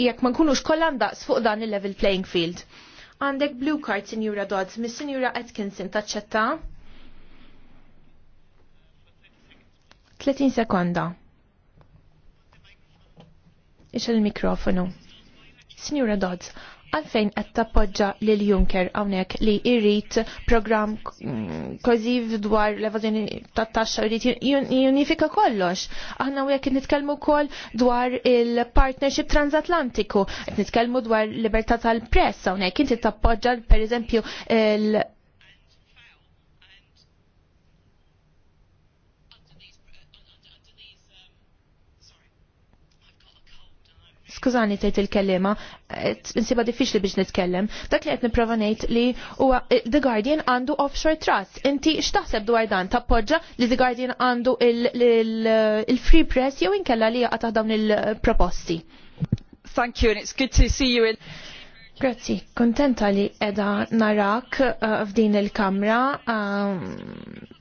jekk ma nkunux kollha ndaqs fuq dan il-level playing playing field. Għandek blue card, Signora Dodds, Miss Signora Atkinson, taċċetta? 30 sekonda. Ix l mikrofonu Signora Dodds, għalfejn qed tappoġġa lil Juncker hawnhekk li jrid programm koziv dwar l-evażjoni tat-taxxa jrid junifika kollox. Aħna hawnhekk qed nitkellmu wkoll dwar il-partnership transatlantiku, qed nitkellmu dwar libertà tal-press hawnhekk inti tappoġġa pereżempju il- Skużani tgħid il-kellima, eh, insiba diffiċli biex nitkellem. Dak li qed nipprova ngħid li huwa eh, The Guardian għandu offshore trust. Inti x'taħseb dwar dan? Tappoġġa li The Guardian għandu il-free press jew inkella li jaqa' dawn il-proposti. Thank you and it's good to see you in Grazzi, kontenta li edha narak uh, f'din il-kamra. Ehm,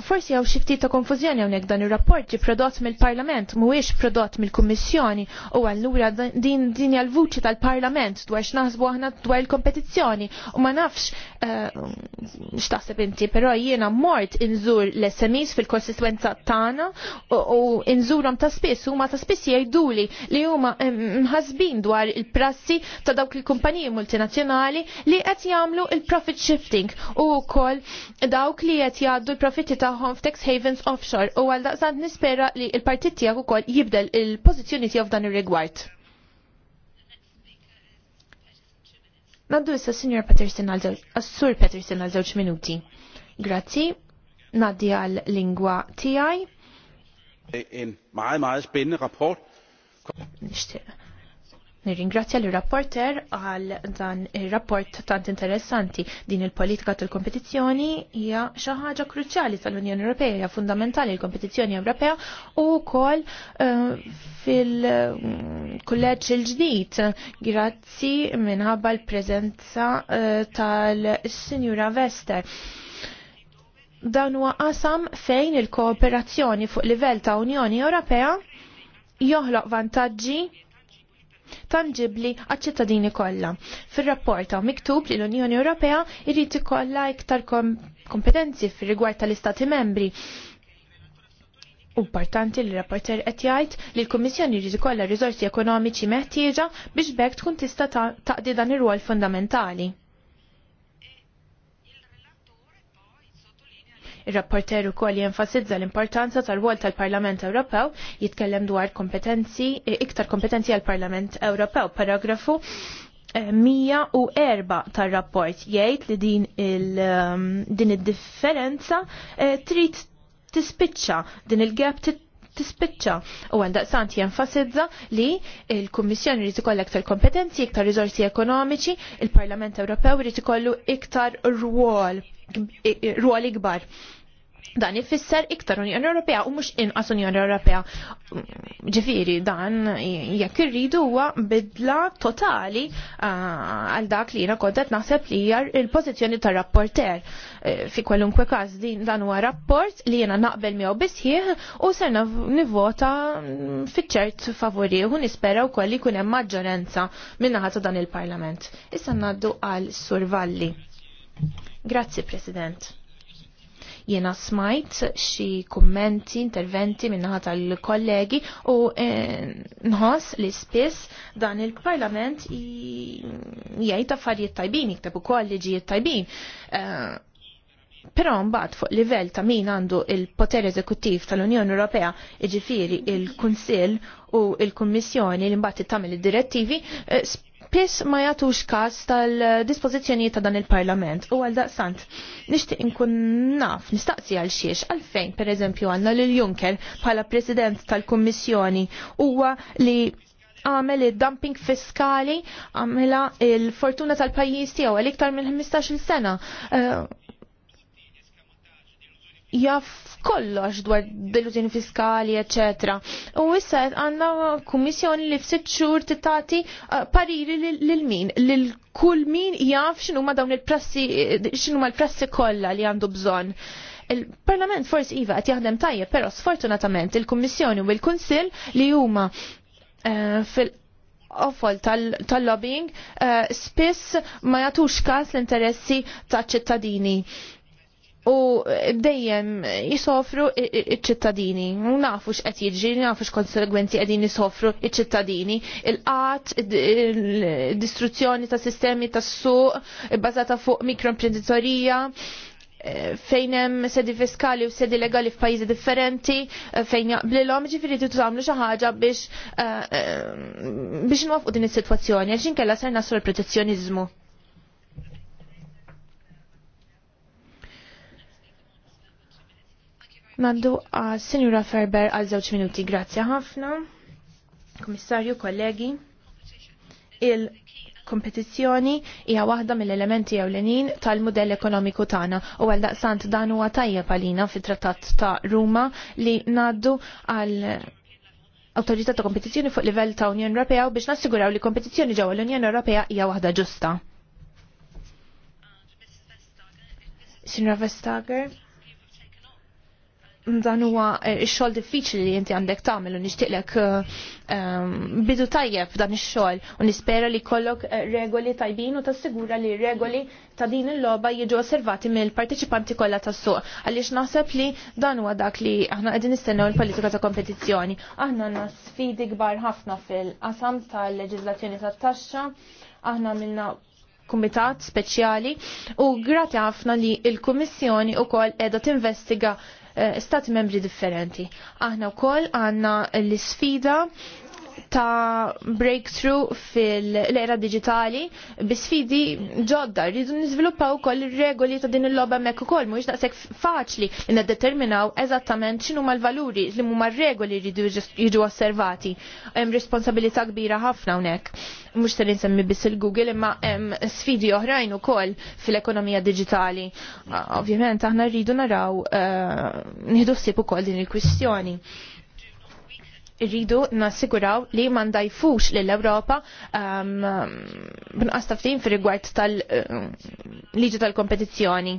Forsi għaw xifti ta' konfuzjoni għonek dan il-rapport ġi prodott mill-parlament, muwiex prodott mill-kommissjoni, u għallura din din għal-vuċi tal-parlament dwar xnaħsbu għahna dwar il-kompetizjoni, u ma nafx eh, xtaħseb inti, pero jiena mort inżur l-SMIs fil-konsistwenza tana u inżurom ta' spiss, u ma ta' spiss jajduli li huma eh, mħazbin dwar il-prassi ta' dawk il-kumpaniji multinazzjonali li qed jagħmlu il-profit shifting u kol dawk li qed jgħaddu il-profitti tagħhom f'tax havens offshore u għal daqsant nispera li l-partit tiegħek ukoll jibdel il-pożizzjoni tiegħu f'dan ir-rigward. Naddu issa Sr. Peterson għal żewġ, uh, Sur Peterson għal żewġ minuti. Grazzi, naddi għal lingwa tiegħi. En meget, meget spennende rapport. Nishtiq Nirringrazzja l rapporter għal dan ir-rapport tant interessanti. Din il-politika tal-kompetizzjoni hija xi ħaġa kruċjali tal-Unjoni Ewropea, hija fundamentali l-kompetizzjoni Ewropea u wkoll eh, fil-kulleġġ il-ġdid grazzi minħabba l-preżenza eh, tal-Sinjura Vester dan huwa qasam fejn il-kooperazzjoni fuq livell ta' Unjoni Ewropea joħloq vantaġġi tangibli għal ċittadini kollha. fir rapporta miktub li l-Unjoni Ewropea jrid ikollha iktar kom kompetenzi fir-rigward tal-Istati membri. Importanti li rapporter qed jgħid li l-Kummissjoni jrid ikollha riżorsi ekonomiċi meħtieġa biex bekk tkun tista' taqdi dan ir-rwol fundamentali. Ir-rapporter ukoll jenfasizza l-importanza tal-wol tal-Parlament Ewropew jitkellem dwar kompetenzi, eh, iktar kompetenzi għal-Parlament Ewropew. Paragrafu 104 eh, tal-rapport jgħid li din ehm, din id-differenza eh, trid tispiċċa din il-gap tispiċċa u għandaqsant jenfasizza li il-Kummissjoni rrit ikollha iktar kompetenzi, iktar riżorsi ekonomiċi, il-Parlament Ewropew rrit ikollu iktar rwol ruoli kbar. Dan ifisser iktar Unjoni Ewropea u mhux inqas Unjoni Ewropea. Ġifieri dan jekk irridu huwa bidla totali ah, għal dak li jiena kontet naħseb li hija l-pożizzjoni tar-rapporter. Eh, fi kwalunkwe każ din dan huwa rapport li jiena naqbel miegħu bisħieħ u ser nivvota mm, fiċċert ċert u nispera wkoll li jkun hemm maġġoranza min-naħa ta' dan il-Parlament. Issa ngħaddu għal Survalli. Grazie President. Jena smajt xi kummenti, interventi minnaħa tal-kollegi u eh, nħoss li spiss dan il-parlament jgħid affarijiet tajbin, jikteb ukoll liġijiet tajbin. Eh, però mbagħad fuq livell ta' min għandu il-poter eżekuttiv tal-Unjoni Ewropea, iġifieri il-Kunsill u il-Kummissjoni li mbagħad tagħmel id-direttivi, eh, pis ma jagħtux każ tal dispozizjoni ta' dan il-Parlament u għal daqsant nixtieq inkun naf nistaqsi għal xiex għalfejn pereżempju għandna lil Junker bħala President tal-Kummissjoni huwa li għamel id-dumping fiskali għamela il-fortuna tal-pajjiż tiegħu għal iktar minn 15-il sena. Uh, jaff kollox dwar deluzjoni fiskali, ecc. U issa għanna kummissjoni li f'sitt xhur titati uh, pariri lil min, lil kull min jaf x'inhuma ma dawn il-prassi x'inhuma ma l-prassi kollha li għandu bżonn. Il-Parlament forsi iva qed jaħdem tajjeb, però sfortunatament il-Kummissjoni u l-Kunsill li huma uh, fil offol tal-lobbying uh, spiss ma jagħtux każ l-interessi taċ ċittadini u dejjem jisofru iċ-ċittadini. U nafu x'qed jiġri, nafu x'konsegwenzi qegħdin jisofru iċ-ċittadini. Il-qatt, distruzzjoni ta' sistemi tas-suq bbażata fuq mikroimprenditorija eh, fejn hemm sedi fiskali u sedi legali f'pajjiżi differenti eh, fejn jaqblilhom ġifieri trid tagħmlu xi ħaġa biex eh, biex nwafqu din is-sitwazzjoni għax inkella ser nasru l-protezzjoniżmu. Naddu għal senjura Ferber għal żewġ minuti. Grazzi ħafna. Komissarju, kollegi. Il-kompetizzjoni hija waħda mill-elementi ewlenin tal-mudell ekonomiku tagħna u għal daqsant dan huwa tajjeb għalina fit-Trattat ta' Ruma li ngħaddu għal Awtorità ta' kompetizzjoni fuq livell ta' Unjoni Ewropea biex nassiguraw li kompetizzjoni ġewwa l-Unjoni Ewropea hija waħda ġusta. Sinra Vestager dan huwa eh, x-xogħol diffiċli li inti għandek tagħmel u nixtieqlek eh, ehm, bidu tajjeb dan ix-xogħol u nispera li jkollok eh, regoli tajbin u tassigura li regoli ta' din il-logħba jiġu osservati mill-partiċipanti kollha tas-suq għaliex naħseb li dan huwa dak li aħna qegħdin nistennew il-politika ta' kompetizzjoni. Aħna għandna sfidi kbar ħafna fil-qasam tal-leġiżlazzjoni tat-taxxa, aħna minna kumitat speċjali u grati ħafna li il-Kummissjoni u kol edha tinvestiga Eh, stati membri differenti. Aħna wkoll għandna l-isfida ta' breakthrough fil-era digitali bisfidi ġodda rridu niżviluppaw kol ir-regoli ta' din il-logħba hemmhekk ukoll mhuwiex daqshekk faċli li determinaw eżattament x'inhu l-valuri li huma r-regoli rridu jiġu osservati. Hemm responsabilità kbira ħafna hawnhekk. Mhux se nsemmi biss il-Google imma hemm sfidi oħrajn ukoll fil-ekonomija diġitali. Ovvjament aħna rridu naraw uh, nieħdu ssib ukoll din il-kwistjoni irridu nassiguraw li ma ndajfux lill-Ewropa um, b'nqas taftin fir-rigward tal-liġi um, tal-kompetizzjoni.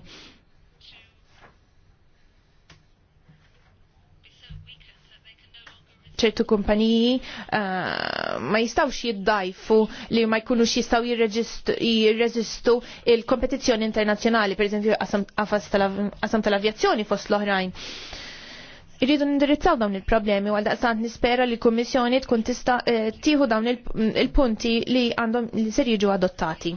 ċertu kumpaniji uh, ma jistawx jiddajfu li ma jkunux jistaw jirreżistu il-kompetizzjoni internazzjonali, per eżempju, għasam tal-avjazzjoni fost l-oħrajn. Irridu nindirizzaw dawn il-problemi għal daqsant nispera li l-Kummissjoni tkun tista' eh, tieħu dawn il-punti li għandhom li ser jiġu adottati.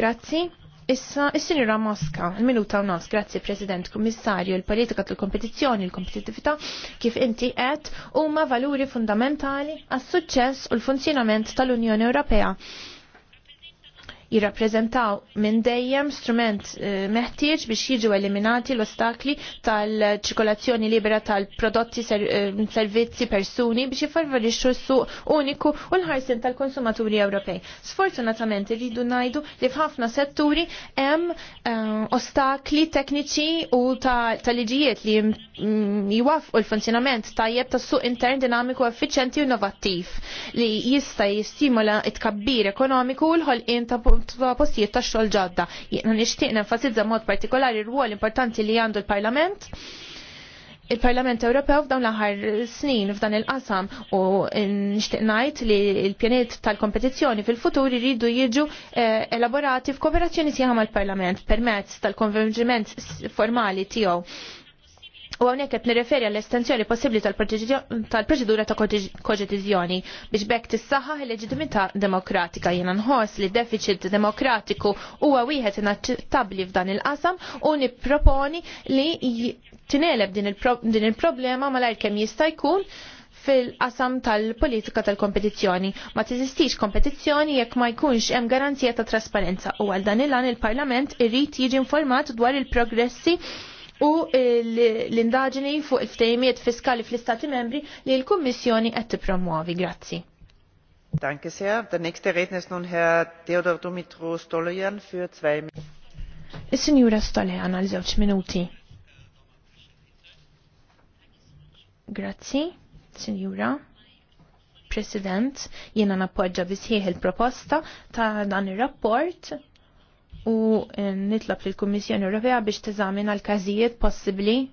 Grazzi. Issa, is-sinjura Mosca, minuta u nos, grazzi President, Kummissarju, il-politika tal-kompetizzjoni, il-kompetitività, kif inti u huma valuri fundamentali għas-suċċess u l-funzjonament tal-Unjoni Ewropea jirrappreżentaw minn dejjem strument eh, meħtieġ biex jiġu eliminati l-ostakli tal-ċirkolazzjoni libera tal-prodotti, eh, servizzi, persuni biex jifarvarixxu s-suq uniku u l-ħarsin tal-konsumaturi Ewropej. Sfortunatament irridu ngħidu li f'ħafna setturi hemm eh, ostakli tekniċi u tal-liġijiet li mm, jwafqu l-funzjonament tajjeb tas-suq intern dinamiku effiċenti u innovattiv li jista' jistimola it-kabbir ekonomiku u l-ħolqien ta' postijiet ta' xogħol ġadda. Jiena nixtieq nenfasizza mod partikolari r ruol importanti li għandu l-Parlament il-Parlament Ewropew f'dawn l-aħħar snin f'dan il-qasam u nixtieq ngħid li l-pjaniet tal-kompetizzjoni fil-futur iridu jiġu eh, elaborati f'kooperazzjoni sieħa mal-Parlament permezz tal-konverġiment formali tiegħu U għawnek għet nirreferi għall-estensjoni possibbli tal-proċedura ta' koġetizjoni biex bekk tissaħa il-leġitimità demokratika. jena nħoss li deficit demokratiku huwa wieħed inaċċettabbli f'dan il-qasam u nipproponi li tineleb din il-problema malajr kemm jista' jkun fil-qasam tal-politika tal-kompetizzjoni. Ma tiżistix kompetizzjoni jekk ma jkunx hemm garanzija ta' trasparenza u għal dan il lan il-Parlament irrid jiġi informat dwar il-progressi u l indagini fuq il-ftejmiet fiskali fl-Istati membri li l-Kummissjoni qed tippromuovi. Grazzi. Danke sehr. Der nächste Redner ist nun Herr Theodor Dumitru Stolojan für zwei Minuten. is Stolojan għal żewġ minuti. Grazzi, Signora President, jiena nappoġġa bisħieħ il-proposta ta' dan ir-rapport u eh, nitlab lill kummissjoni Ewropea biex teżamina l-każijiet possibbli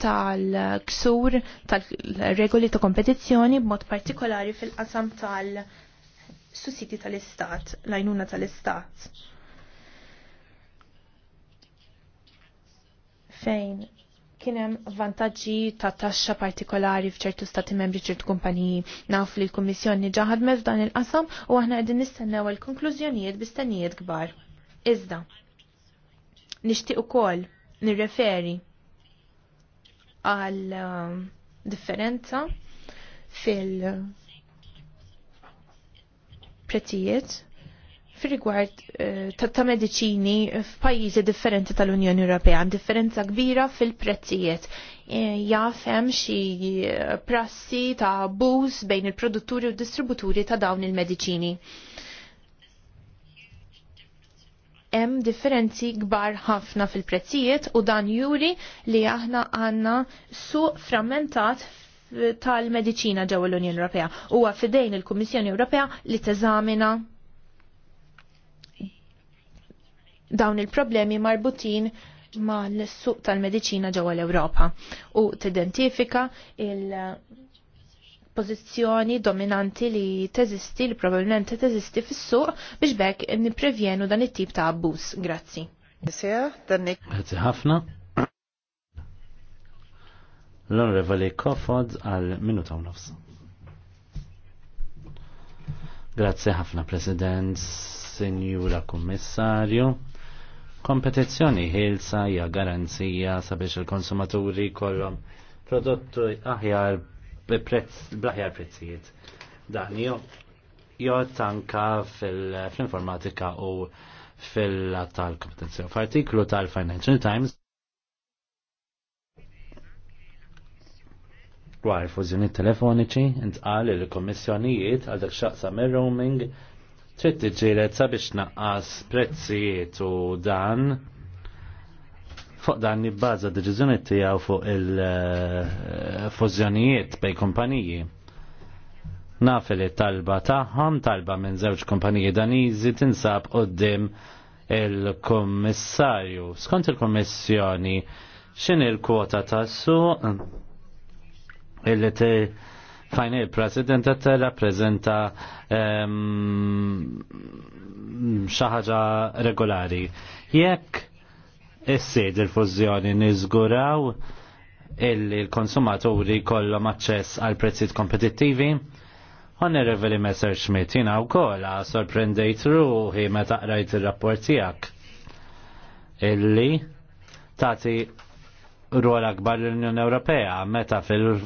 tal-ksur tal-regoli ta' kompetizzjoni b'mod partikolari fil-qasam tal-sussiti tal-istat, l-għajnuna tal-istat. Fejn kien hemm vantaġġi ta' taxxa partikolari f'ċertu stati membri ċertu kumpaniji naf li l-Kummissjoni ġaħad mezz dan il-qasam u aħna qegħdin nistennew il-konklużjonijiet bistennijiet kbar. Iżda, nixtieq ukoll nirreferi għal um, differenza fil prezzijiet fil rigward eh, ta', ta mediċini f'pajjiżi differenti tal-Unjoni Ewropea, differenza kbira fil-prezzijiet. Eh, Jafem xi eh, prassi ta' abuż bejn il-produtturi u distributuri ta' dawn il-mediċini. hemm differenzi kbar ħafna fil-prezzijiet u dan juri li aħna għandna su frammentat tal-medicina ġewwa l-Unjoni Ewropea. Huwa fidejn il-Kummissjoni Ewropea li teżamina dawn il-problemi marbutin ma l-suq tal-medicina ġewwa l-Ewropa u tidentifika il- pożizzjoni dominanti li teżisti li probabilment teżisti fis-suq biex bekk nipprevjenu dan it-tip ta' abbuż. Grazzi. Grazzi ħafna. L-onorevoli Kofod għal minuta u nofs. Grazzi ħafna President, Senjura Kommissarju. Kompetizzjoni ħilsa hija garanzija sabiex il-konsumaturi kollhom prodotti aħjar prezz blaħjar prezzijiet. Dan jgħod tanka fil-informatika u fil-tal kompetenzja. F'artiklu tal-Financial Times Għar fużjoni telefoniċi intqal il kommissjonijiet għal dak xaqsa me roaming trid tiġġieled sabiex naqqas prezzijiet u dan fuq dan nibbaza deċiżjoni tiegħu fuq il-fużjonijiet eh, bej kumpaniji. Naf li talba tagħhom talba minn żewġ kumpaniji Daniżi tinsab qudiem il-Kummissarju. Skont il-Kummissjoni x'in il-kwota tas-suq illi fajn il-president te rappresenta ehm, xaħġa regolari. Jekk issir il-fużjoni niżguraw illi l-konsumaturi kollhom aċċess għal prezzit kompetittivi. Reveli Messer Schmidt, jina u kolla sorprendejt ruħi meta qrajt il-rapport tiegħek illi tagħti ruħal akbar l-Unjoni Ewropea meta fil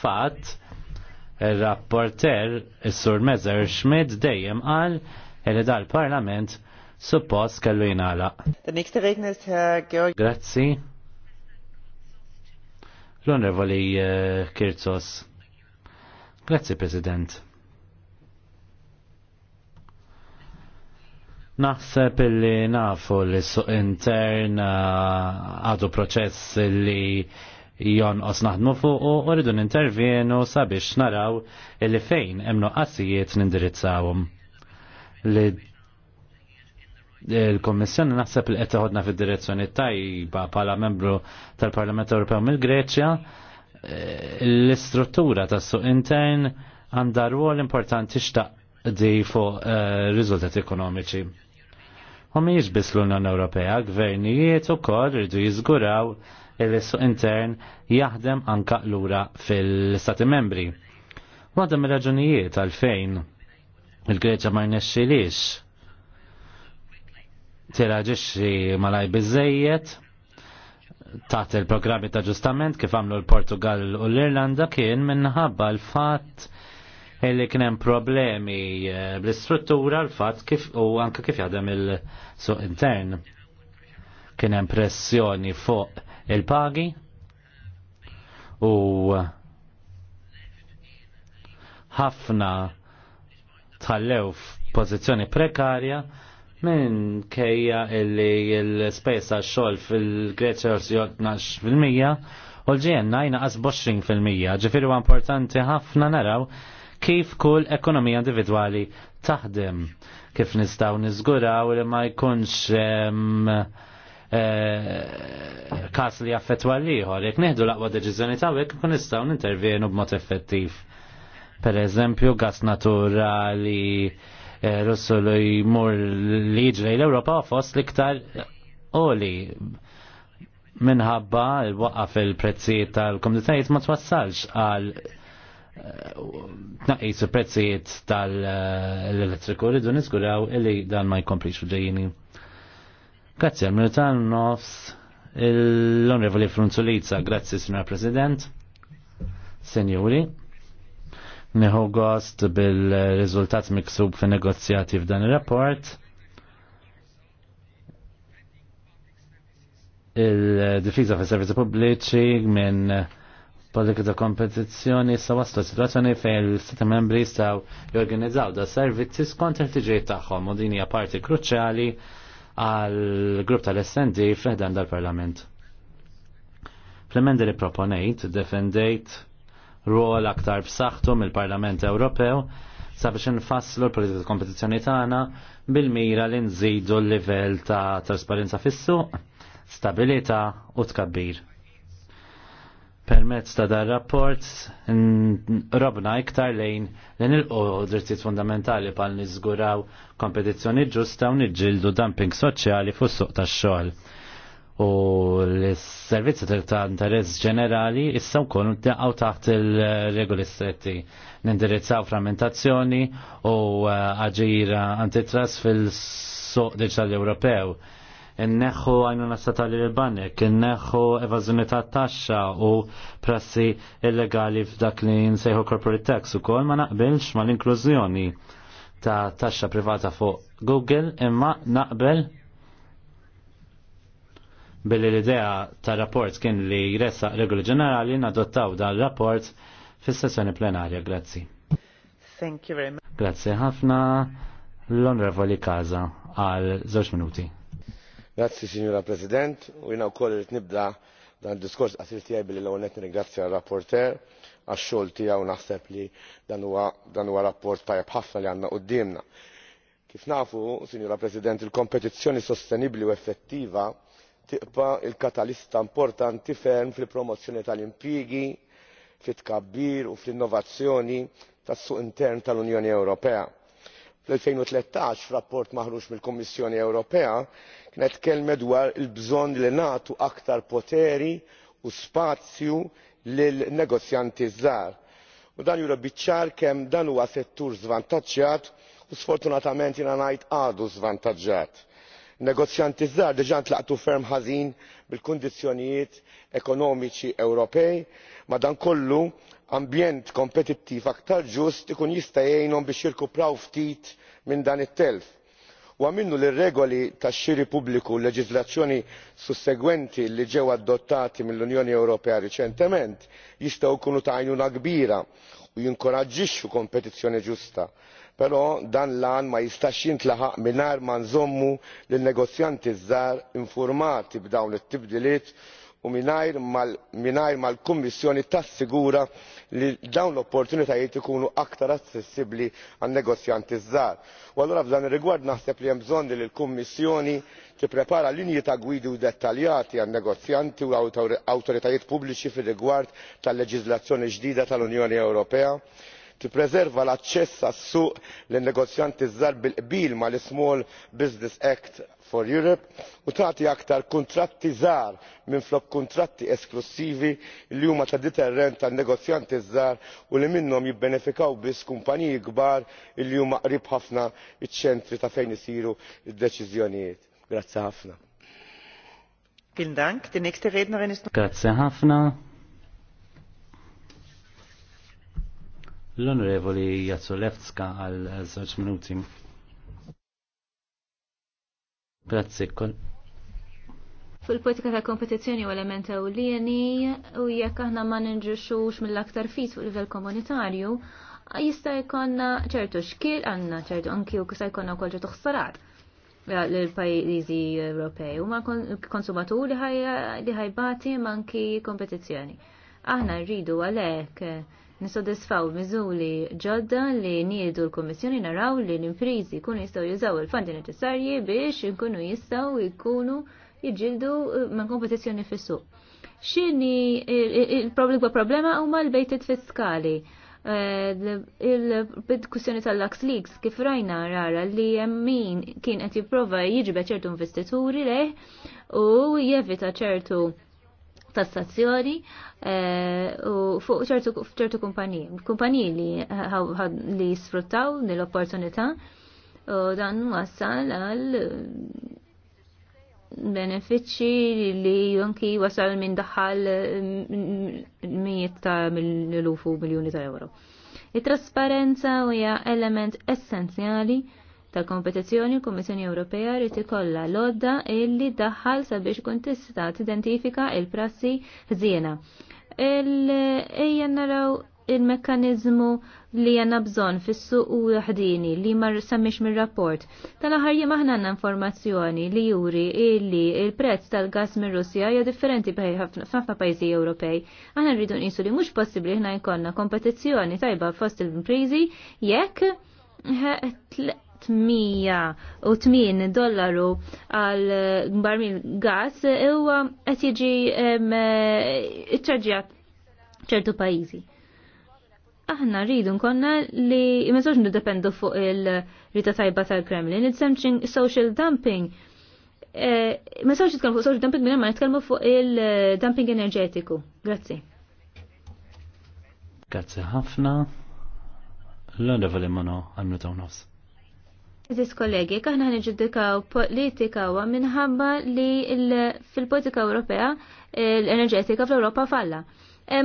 fat il-rapporter is-Sur Messer Schmidt dejjem qal li dal-Parlament suppost kellu uh, Georg. Grazzi. L-Onorevoli uh, Kirzos. Grazzi, President. Naħseb illi nafu li suq intern uh, għadu proċess li jonqos naħdmu fuq u rridu nintervjenu sabiex naraw illi fejn hemm nuqqasijiet nindirizzawhom. Li il-Kommissjoni naħseb li qed taħodna fid-direzzjoni tajba bħala membru tal-Parlament Ewropew mill-Greċja eh, l-istruttura tas suq intern għandha rwol importanti xtaqdi fuq eh, riżultati ekonomiċi. U mhijiex biss l-Unjoni Ewropea, gvernijiet ukoll rridu jiżguraw il-suq intern jaħdem anka lura fil-Stati membri. Wadhom il raġunijiet għalfejn il-Greċja ma jnexxilix tiraġixxi malaj bizzejiet, taħt il-programmi ta' ġustament kif għamlu l-Portugal u l-Irlanda kien minħabba l-fatt illi kien hemm problemi eh, bl-istruttura l-fatt kif u anke kif jaħdem il-suq intern. Kien hemm pressjoni fuq il-pagi u ħafna tħallew f'pożizzjoni prekarja Min kejja illi l-spesa xol fil-Greċja fil-Mija u l-ġienna jnaqas fil-mija huwa importanti ħafna naraw kif kull ekonomija individwali taħdem. Kif nistaw niżguraw li ma jkunx eh, kas li jaffetwa liħor. Jek neħdu laqwa deċizjoni ta' jek kun nistaw nintervjenu b'mod effettiv. Per eżempju, gas naturali Russu li jmur li jiġri l-Ewropa fost liktar oli minħabba l-waqqa fil-prezzijiet tal-komunitajiet ma twassalx għal eh, tnaqis il-prezzijiet tal-elettriku dun niżguraw illi dan ma jkomplix u ġejjini. Grazie għal Militan Nofs, l-Onrevoli Frunzulizza, grazzi Signor President, Senjuri. Neħu gost bil-rizultat miksub fin negozjati f'dan il-rapport. Il-difiża fis servizzi pubbliċi minn politika ta' kompetizzjoni sa waslu situazzjoni fejn l-Stati membri jistgħu jorganizzaw da' servizzi skont il-tiġej tagħhom u din hija parti kruċjali għal grupp tal-SND f'edan dal-Parlament. Plemendi li proponejt, defendejt rol aktar b'saħħtu mill-Parlament Ewropew sabiex nfasslu l-politika kompetizzjoni tagħna bil-mira li nżidu l-livell ta' trasparenza fis-suq, stabilità u tkabbir. Permezz ta' dar rapport robna iktar lejn li nilqu drittijiet fundamentali pal niżguraw kompetizzjoni ġusta u niġġieldu dumping soċjali fuq suq tax-xogħol u l-servizzi ta' interess ġenerali issa wkoll daqgħu taħt il-regoli stretti nindirizzaw frammentazzjoni u eh, aġira antitrust fil suq diġitali Ewropew. Inneħħu għajnuna nasatali l-banek, inneħħu evażjoni ta' taxxa u prassi illegali f'dak li nsejħu corporate tax ukoll ma naqbilx mal-inklużjoni ta' taxxa privata fuq Google imma naqbel billi l-idea ta' rapport kien li jressaq regoli ġenerali nadottaw dan rapport fis sessjoni plenarja. Grazzi. Thank you very much. Grazzi ħafna l-onorevoli Kaza għal żewġ minuti. Grazzi, Signora President, u jina u koll nibda dan diskors għasirti għaj billi l-għonet ringrazzja l-rapporter għax-xogħol tiegħu naħseb li dan huwa rapport tajjeb ħafna li għandna dimna Kif nafu, Signora President, il-kompetizzjoni sostenibbli u effettiva tibqa' il-katalista importanti ferm fil promozzjoni tal impjiegi fit tkabbir u fl innovazzjoni tas-suq intern tal-unjoni ewropea. fl 2013 f'rapport maħruġ mill-kummissjoni ewropea kienet tkellmet dwar il-bżonn li nagħtu aktar poteri u spazju lil negozjanti żgħar u dan jura biċċar kemm dan huwa settur żvantaġġjat u sfortunatament jiena ngħid għadu żvantaġġjat negozjanti żgħar diġà ntlaqtu ferm ħażin bil-kundizzjonijiet ekonomiċi ewropej madankollu ambjent kompetittiv aktar ġust ikun jista' jgħinhom biex jirkupraw ftit minn dan it-telf. U għamilnu li r-regoli tax-xiri pubbliku u l-leġiżlazzjoni sussegwenti li ġew adottati mill-unjoni ewropea riċentement jistgħu jkunu ta' għajnuna kbira u jinkoraġġixxu kompetizzjoni ġusta però dan lan ma jistax jintlaħaq mingħajr ma nżommu lin negozjanti żgħar informati b'dawn it-tibdiliet u mingħajr ma l-kummissjoni tassigura li dawn l-opportunitajiet ikunu aktar aċċessibbli għan negozjanti żgħar. u allura f'dan ir-rigward naħseb li hemm bżonn li l-kummissjoni tipprepara linji ta' gwidi dettaljati għan negozjanti u awtoritajiet pubbliċi fir-rigward tal-leġiżlazzjoni ġdida tal-unjoni ewropea tippreserva l-aċċess għas-suq lin negozjanti żgħar bil qbil mal-small business act for europe u tagħti aktar kuntratti żgħar minflok kuntratti esklussivi li huma ta' deterrent għan negozjanti żgħar u li minnhom jibbenefikaw biss kumpaniji kbar li huma qrib ħafna iċ-ċentri ta' fejn isiru d-deċiżjonijiet. Grazzi ħafna. l-Onorevoli Jazzolevska għal żewġ minuti. Grazzi, fil-politika ta' kompetizzjoni u element ewlieni u jekk aħna ma nġuxux mill-aktar fit fuq livell komunitarju, jista' jkollna ċertu xkil għandna ċertu anki u kisa jkollna wkoll ċertu ħsarat l-pajjiżi Ewropej u ma konsumatur li ħajbati manki kompetizzjoni. Aħna rridu għalhekk nisodisfaw miżuri ġodda li niedu l komissjoni naraw li l-imprizi jkunu jistgħu jużaw il-fondi neċessarji biex jkunu jistgħu jkunu jiġildu kompetizjoni eh, kompetizzjoni fis-suq. X'inhi il-problema problema huma l bejtet fiskali. Eh, Il-kussjoni tal-Lux Leaks kif rajna rara li min kien qed jipprova jiġbed ċertu investituri leh u jevita ċertu tassazzjoni eh, u fuq ċertu kumpaniji. Kumpaniji li sfruttaw nil opportunità u dan wassal għal benefiċċji li jonki wasal minn daħal mm, mijiet ta' mill-lufu miljoni ta' euro. Il-trasparenza huja element essenzjali tal-kompetizzjoni l-Kummissjoni Ewropea rrid ikollha lodda illi daħħal sabiex kun tista' tidentifika il-prassi ħżiena. Ejja naraw il-mekkanizmu li għanna bżon fis-suq u ħdini li mar sammix mir rapport Tal-aħħar jiem aħna għandna informazzjoni li juri illi il-prezz tal-gas mir Russja hija differenti f'ħafna pajjiżi Ewropej. Aħna rridu nqisu li mhux possibbli ħna jkollna kompetizzjoni tajba fost il-imprizi jekk 108 dollaru għal barmil gas huwa qed jiġi iċċarġjat ċertu pajjiżi. Aħna rridu nkonna li ma nidependu fuq il-rita tajba tal-Kremlin, il-semċin social dumping. E, ma sawx nitkellmu fuq social dumping minn ma nitkellmu fuq il-dumping enerġetiku. Grazzi. Grazzi ħafna. L-għada valimano għannu ta' nofs. Aziz kollegi, kħana ġuddikaw politika u minħabba li fil-politika Ewropea l-enerġetika fl-Europa falla.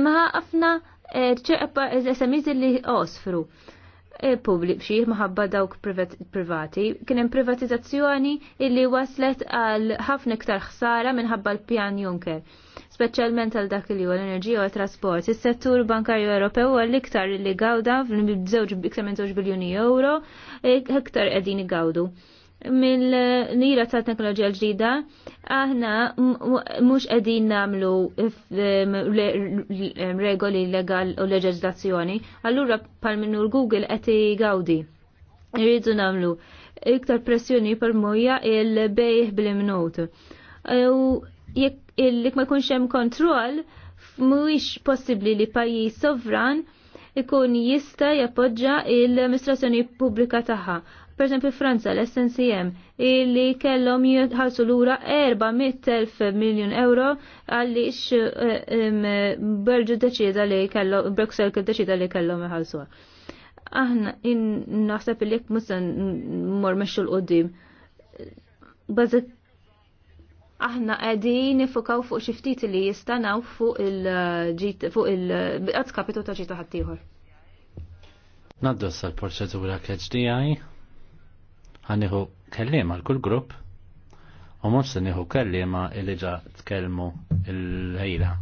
Maħa għafna eh, ċeqpa eh, SMIs li osfru eh, publik xih maħabba dawk privati. Kienem privatizzazzjoni illi waslet għal ħafna iktar ħsara minħabba l-pjan Juncker speċjalment għal dak li għal l-enerġija u trasport. Is-settur bankarju Ewropew huwa l-iktar li gawda b'żewġ iktar minn żewġ biljuni euro, iktar qegħdin igawdu. Mill-nira ta' teknoloġija ġdida, aħna mhux qegħdin nagħmlu regoli legal u leġiżlazzjoni, allura pal minnu Google qed igawdi. Irridu nagħmlu iktar pressjoni per mojja il-bejħ bil imnot jekk ma jkunx hemm kontroll mhuwiex possibbli li pajjiż sovran ikun jista' jappoġġa l-amministrazzjoni pubblika tagħha. Per Franza l-SNCM illi kellhom jħallsu lura 400.000 miljun euro għaliex eh, Berġu deċida li kellhom Bruxelles deċida li kellhom iħallsuha. Aħna naħseb li jekk musa mmor mexxu l-qudiem. Bażik aħna qegħdin nifukaw fuq xi ftit li jistanaw fuq il-ġit fuq il għadz kapitu ta' ġita ħaddieħor. Naddu sal-proċedura KHDI ħaniħu kellima l kull grupp u mux se nieħu kelliema li ġa tkellmu l-ħejla.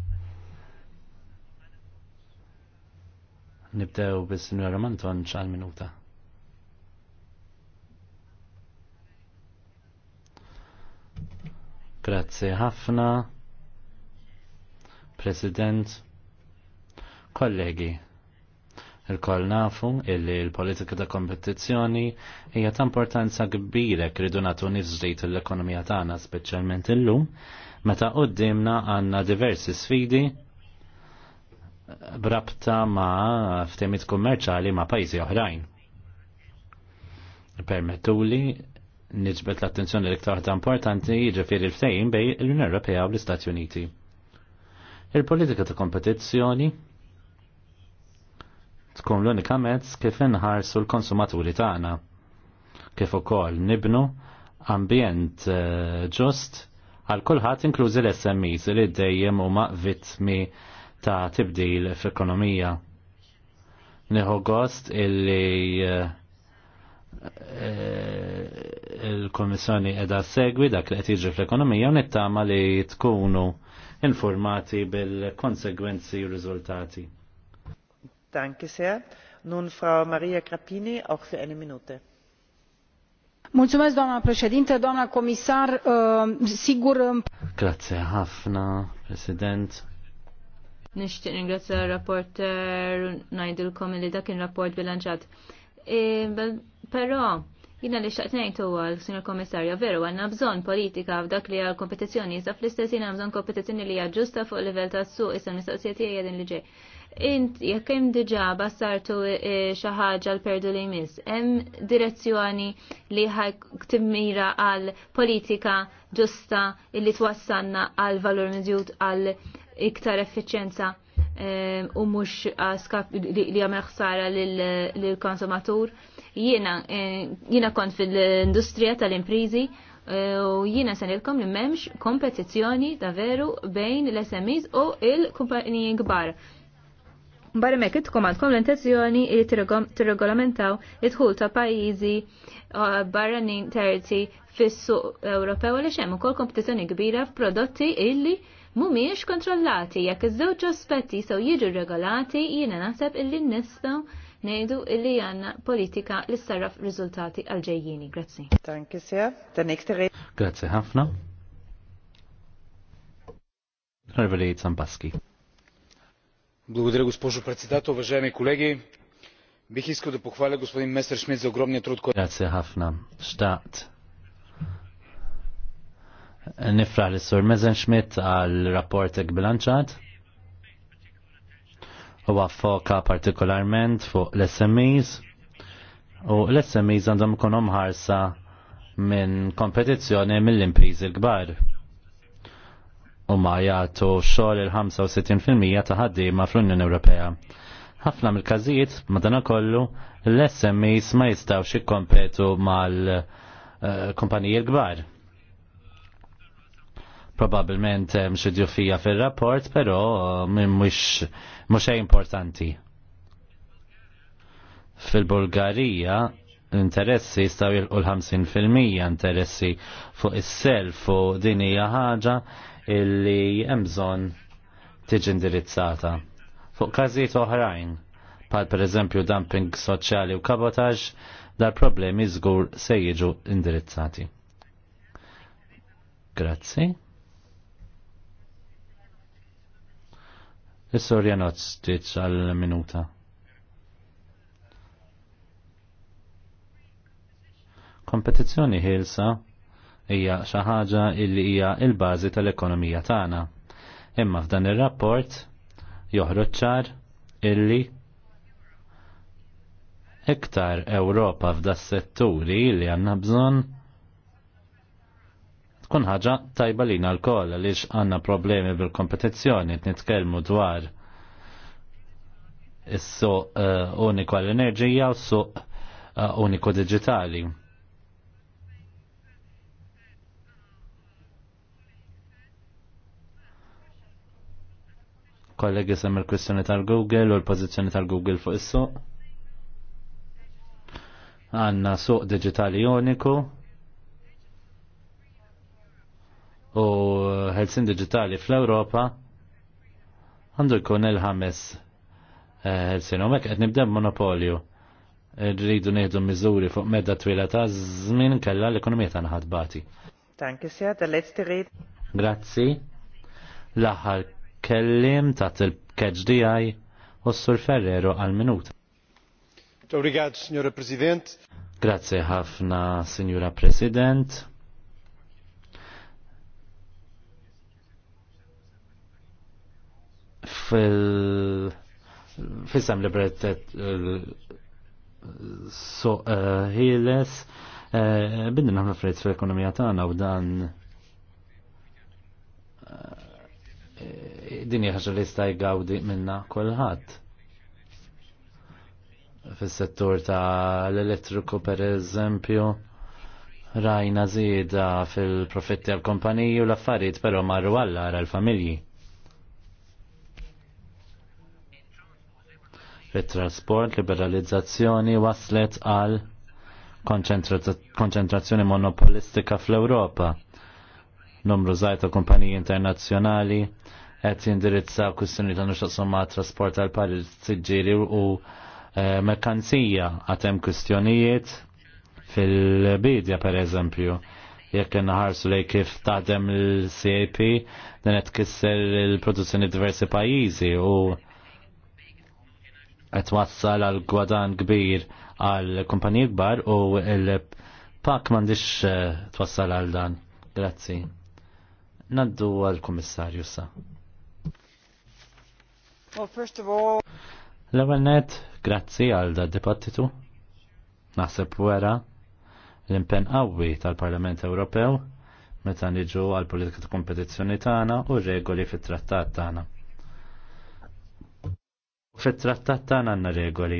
Nibdew bis-Sinjora Manton ċal minuta. Grazzi ħafna. President. Kollegi. Il-koll nafu illi l-politika ta' kompetizzjoni hija ta' importanza kbira kridu nagħtu niżdejt l-ekonomija tagħna speċjalment illum meta qudiemna għandna diversi sfidi brabta ma' ftemiet kummerċali ma' pajjiżi oħrajn. Permettuli niġbet l-attenzjoni li ktaħta importanti jiġifieri l fejn bej l-Unjoni Ewropea u l-Istati Uniti. Il-politika ta' kompetizzjoni tkun l-unika mezz kif inħarsu l-konsumaturi tagħna. Kif ukoll nibnu ambjent eh, ġust għal kulħadd inklużi l-SMEs li dejjem huma vittmi ta' tibdil fl-ekonomija. gost illi eh, Eh, il-Komissjoni edha segwi dak li qed jiġri fl-ekonomija u nittama li tkunu informati bil-konsegwenzi u riżultati. Danke sehr. Nun Frau Maria Krapini, auch für eine Minute. Mulțumesc, doamna președinte, doamna comisar, uh, sigur... Grazie, Hafna, president. Nishtiq ringrazzja raporter najdilkom li dak kien rapport bilanċat. E, però jina li xaqtnejt u għal sinjor komissarja veru għanna bżon politika f'dak li għal kompetizjoni jisa fl-istess jina bżon kompetizjoni li ġusta fuq livell ta' suq jisa mistoqsijati għedin li ġej. Int jekk hemm diġà bassartu e, xi ħaġa l perdu li jmiss, hemm direzzjoni li ħajk timmira għal politika ġusta li twassalna għal valur midjut għal iktar effiċjenza u mux ah, skap li għamil ħsara l-konsumatur. Jiena kont fil-industrija tal-imprizi eh, u jiena sanilkom li memx kompetizjoni ta' veru bejn l-SMEs u il-kumpanijin gbar. Barra mek itkom għandkom l-intenzjoni li t-regolamentaw id-dħul ta' pajizi ah, barranin terzi fis-suq Ewropew għaliex xemm ukoll kompetizzjoni kbira f'prodotti illi mhumiex kontrollati jekk iż-żewġ aspetti sew jiġu regolati jiena naħseb illi nistgħu ngħidu illi għandna politika li sarraf riżultati għal ġejjini. Grazzi. Tanki sja, Grazzi ħafna. Reveli Zambaski. Благодаря, госпожо председател. Уважаеми колеги, бих искал да похваля господин Местер Шмидт за огромния труд, който... Грация, Хафна. Штат. Nifra l-sur Mezen Schmidt għal rapportek bilanċat. Huwa foka partikolarment fuq l-SMEs u l-SMEs għandhom ikunu ħarsa minn kompetizzjoni mill-imprizi l-kbar. U ma jgħatu xogħol il-65% ta' ħaddiema fl-Unjoni Ewropea. Ħafna mill-każijiet madanakollu l-SMEs ma jistgħux jikkompetu mal-kumpaniji eh, l-kbar Probabilment hemm eh, fija fil fir-rapport, però eh, mhux mhux importanti. Fil-Bulgarija interessi staw jilqu 50 interessi fuq is-self u din hija ħaġa illi hemm bżonn tiġi indirizzata. Fuq każijiet oħrajn, pal pereżempju dumping soċjali u kabotaġġ, dal problemi żgur se jiġu indirizzati. Grazzi. Is-sorja nozz tiċ għal-minuta. Kompetizzjoni ħilsa hija xi ħaġa illi hija l-bażi tal-ekonomija tagħna. Imma f'dan ir-rapport joħroġ ċar illi iktar Ewropa f'das setturi li għandna bżonn tkun ħaġa tajba lina l-koll għaliex għandna problemi bil-kompetizzjoni nitkellmu dwar is-suq uh, eh, uniku għall-enerġija u suq uh, eh, uniku digitali. kollegi sem il-kwistjoni tal-Google u l-pozizjoni tal-Google fuq is-suq. Għanna suq digitali uniku u ħelsin digitali fl-Europa għandu jkun il-ħames ħelsin. Eh, u mek qed nibda monopolju. Rridu nieħdu miżuri fuq medda twila ta' żmien kellha l-ekonomija tagħna ħadbati. Danke sehr, der letzte Red. Grazzi. l kellim ta' il-catch DI u s-sur Ferrero għal-minut. Obrigado, Signora President. Grazie ħafna, Signora President. fil- fissam li brettet eh, so ħiles eh, eh, bidna naħna frejt fil-ekonomija tagħna u dan din ħaġa li staj jgawdi minna kulħadd fis-settur ta' l-elettriku per eżempju rajna zieda fil-profitti għal-kompaniji u l-affarijiet però marru għallar għal-familji. fit-trasport, liberalizzazzjoni waslet għal konċentrazzjoni monopolistika fl-Europa. Numru ta' kumpaniji internazzjonali qed jindirizza kwistjoni ta' nuxa ma' trasport għal pari siġġieri u e, mekkanzija għat hemm kwistjonijiet fil-bidja per eżempju. kien naħarsu lej kif taħdem l cap dan qed kisser il-produzzjoni diversi pajjiżi u qed wassal għal gwadan kbir għal kumpani kbar u l-pak m'għandix eh, twassal għal dan. Grazzi. Naddu għal kummissarju sa. Well, first of all... L-ewwel grazzi għal da dibattitu. Naħseb wera l-impenn qawwi tal-Parlament Ewropew meta niġu għal politika ta' kompetizzjoni tagħna u regoli fit-trattat tagħna Fit-trattat tagħna għandna regoli.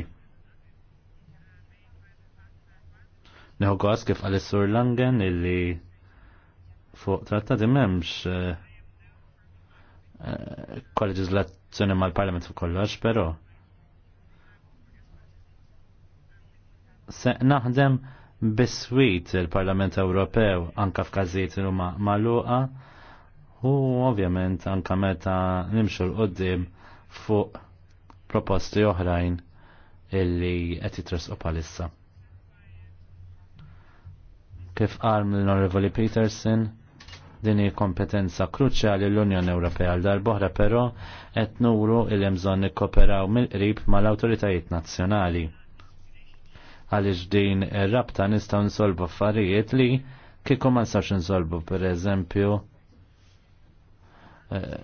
Neħu għas kif għal sur Langen illi fuq trattati memx eh, eh, kolleġizlazzjoni mal-parlament fuq kollox, pero se naħdem biswit il-Parlament Ewropew anka f'każijiet li huma magħluqa u ovvjament anka meta nimxu l qudiem fuq proposti oħrajn illi qed jitresqu bħalissa. Kif qal mill-Onorevoli Peterson, din hi kompetenza kruċjali l-Unjoni Ewropea għal darb'oħra però qed nuru il hemm bżonn nikkoperaw mill-qrib mal-awtoritajiet nazzjonali. Għaliex din ir-rabta nistgħu nsolbu affarijiet li kieku ma nistgħux nsolbu pereżempju eh,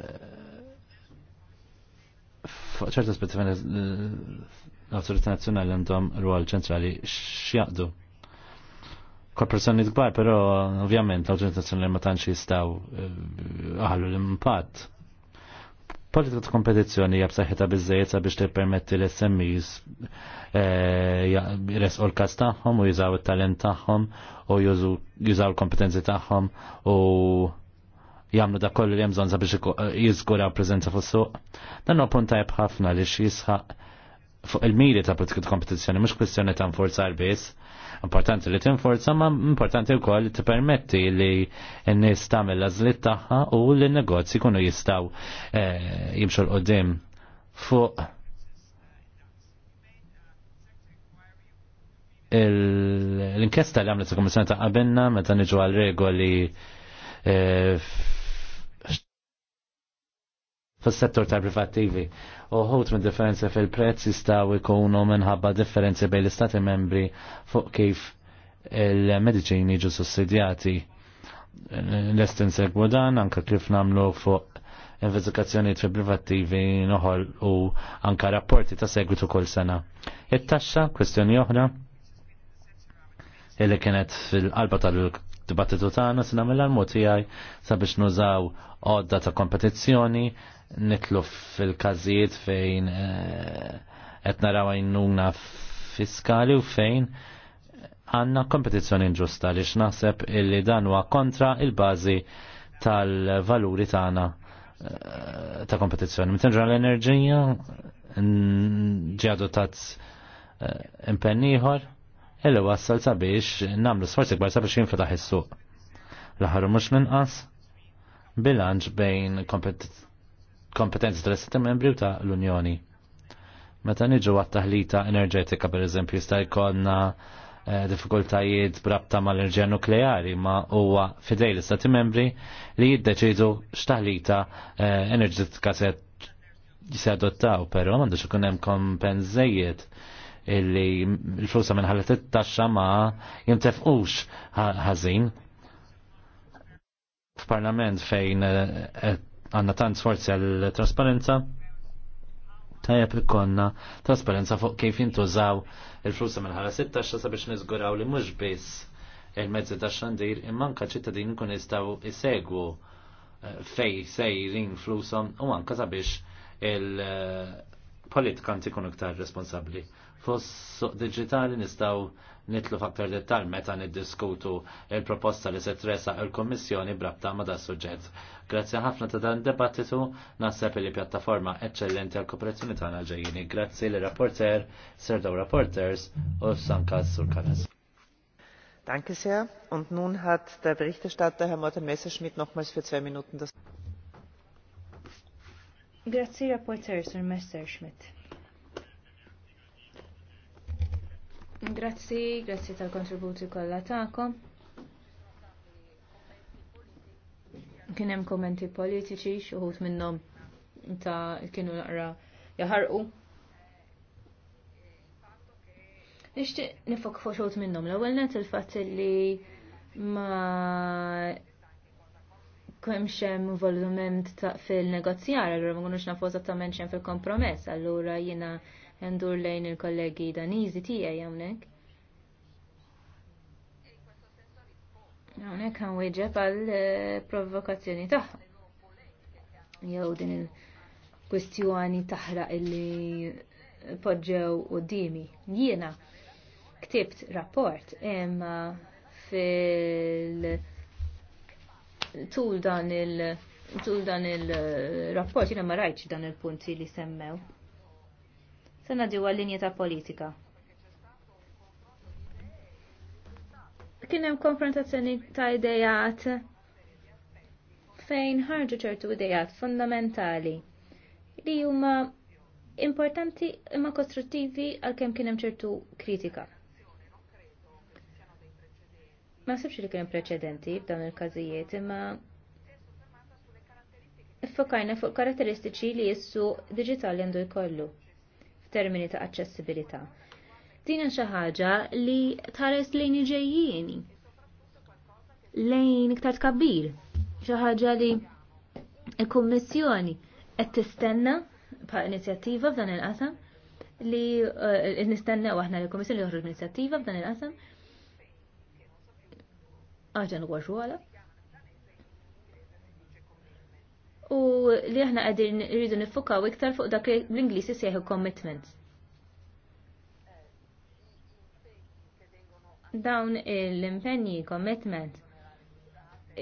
fuq ċerta aspetti fejn l-Awtorità Nazzjonali għandhom rwol ċentrali x'jaqdu. Korporazzjoni kbar, però ovvjament l-Awtorità Nazzjonali ma tantx jistgħu eh, aħlu l-impatt. Politika ta' kompetizzjoni hija b'saħħitha biżejjed sabiex tippermetti l-SMEs eh, jresqu l-każ tagħhom u jużaw it-talent tagħhom u jużaw l-kompetenzi tagħhom u jamlu da kollu li hemm bżonn biex eh, jiżguraw prezenza fuq suq. Dan huwa punta jibħafna ħafna li jisħaq fuq il-miri ta' politika kompetizzjoni mhux kwestjoni ta' nforzar biss. Importanti li tinforza ma importanti wkoll li permetti li n-nies tagħmel l-għażliet tagħha u li n-negozji jkunu jistgħu eh, jimxu l-qudiem fuq l-inkjesta li għamlet il-Komissjoni ta' qabilna meta niġu għal regoli eh, fil settur ta' privattivi. Uħut minn differenza fil-prezz jistgħu jkunu minħabba differenzi bejn l-istati membri fuq kif il-mediċini ġu sussidjati. l insegwu dan anke kif nagħmlu fuq investigazzjoni fi privattivi noħol u anka rapporti ta' segwitu kull sena. It-taxxa, kwestjoni oħra, illi kienet fil-qalba tal-dibattitu tagħna se mill l-mod tiegħi sabiex nużaw għodda ta' kompetizzjoni nitlu fil-każijiet fejn eh, qed naraw għajnuna fiskali u fejn għanna kompetizzjoni ġusta li x'naħseb illi dan huwa kontra il-bażi tal-valuri tagħna eh, ta' kompetizzjoni. Meta l-enerġija ġi adottat eh, impenn ieħor illi wassal sabiex nagħmlu sforzi kbar sabiex jinfetaħ is-suq. L-aħħar mhux minqas bilanċ bejn kompetizzjoni kompetenzi tal-Istati membri u ta' l-Unjoni. Meta niġu għat-taħlita enerġetika, per eżempju, jista' jkollna eh, diffikultajiet brabta mal enerġija nukleari ma huwa fidej l-istati membri li jiddeċidu x'taħlita eh, enerġetika se adottaw, però m'għandux ikun hemm kompenzejiet illi l-flusa minn it-taxxa ma jimtefqux ħażin. F'Parlament fejn eh, qed għanna tant sforzi għal-trasparenza, tajab ikonna trasparenza fuq kif jintużaw il-flus minn ħala 16 sabiex nizguraw li mhux biss il-mezzi ta' xandir ka ċittadin kun jistgħu isegwu eh, fej sejrin flusom u anka sabiex il-politikanti eh, kun iktar responsabbli. Fos digitali nistgħu nitlu faktar dettal meta niddiskutu il-proposta li se tresa il-Kommissjoni brabta ma da' suġġett. Grazzi ħafna ta' dan debattitu, naħseb li pjattaforma eccellenti għal kooperazzjoni tagħna ġejjini. Grazzi li rapporter, Serdaw Rapporters u Sankas kanas. Danke sehr. Und nun hat der Berichterstatter Herr Morten Messerschmidt nochmals für zwei Minuten das. Grazie, Rapporteur Sir Messerschmidt. Grazzi, grazzi tal-kontributi kollha tagħkom. Kien hemm kommenti politiċi xuħut minnhom ta' kienu naqra jaħarqu. Nixtieq nifok fuq xogħol minnhom. L-ewwel net il-fatt li ma kemmx hemm involviment ta' fil-negozjar, allura ma kunux nafu eżattament xem fil-kompromess, allura jiena Endur lejn il-kollegi danizi tiegħi hawnhekk. Hawnhekk għan weġeb għal eh, provokazzjoni tagħha. Jew din il-kwestjoni taħraq illi poġġew qudiemi. Jiena ktibt rapport imma fil- tul dan il- rapport jiena ma rajtx dan il-punti li semmew se nadiwa linja ta' politika. Kien hemm konfrontazzjoni ta' idejat fejn ħarġu ċertu idejat fundamentali li huma importanti imma kostruttivi għalkemm kien hemm ċertu kritika. Ma sibx li kien preċedenti f'dawn il-każijiet imma Iffokajna fuq karatteristiċi li issu digitali għandu jkollu termini ta' aċċessibilità. Tina xi ħaġa li tħares lejn iġejjieni, lejn iktar tkabbir. Xi ħaġa li l-Kummissjoni qed tistenna bħal inizjattiva f'dan il-qasam li eh, nistennew aħna l-Kummissjoni joħroġ inizjattiva f'dan il-qasam. Aġan għaxu għala. u li aħna qegħdin rridu nifukaw iktar fuq dak l-Ingliż seħu commitment. Dawn l-impenji commitment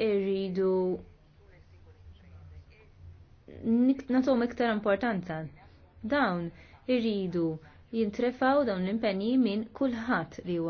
irridu natom iktar importanza. Dawn irridu jintrefaw dawn l-impenji minn kulħadd li huwa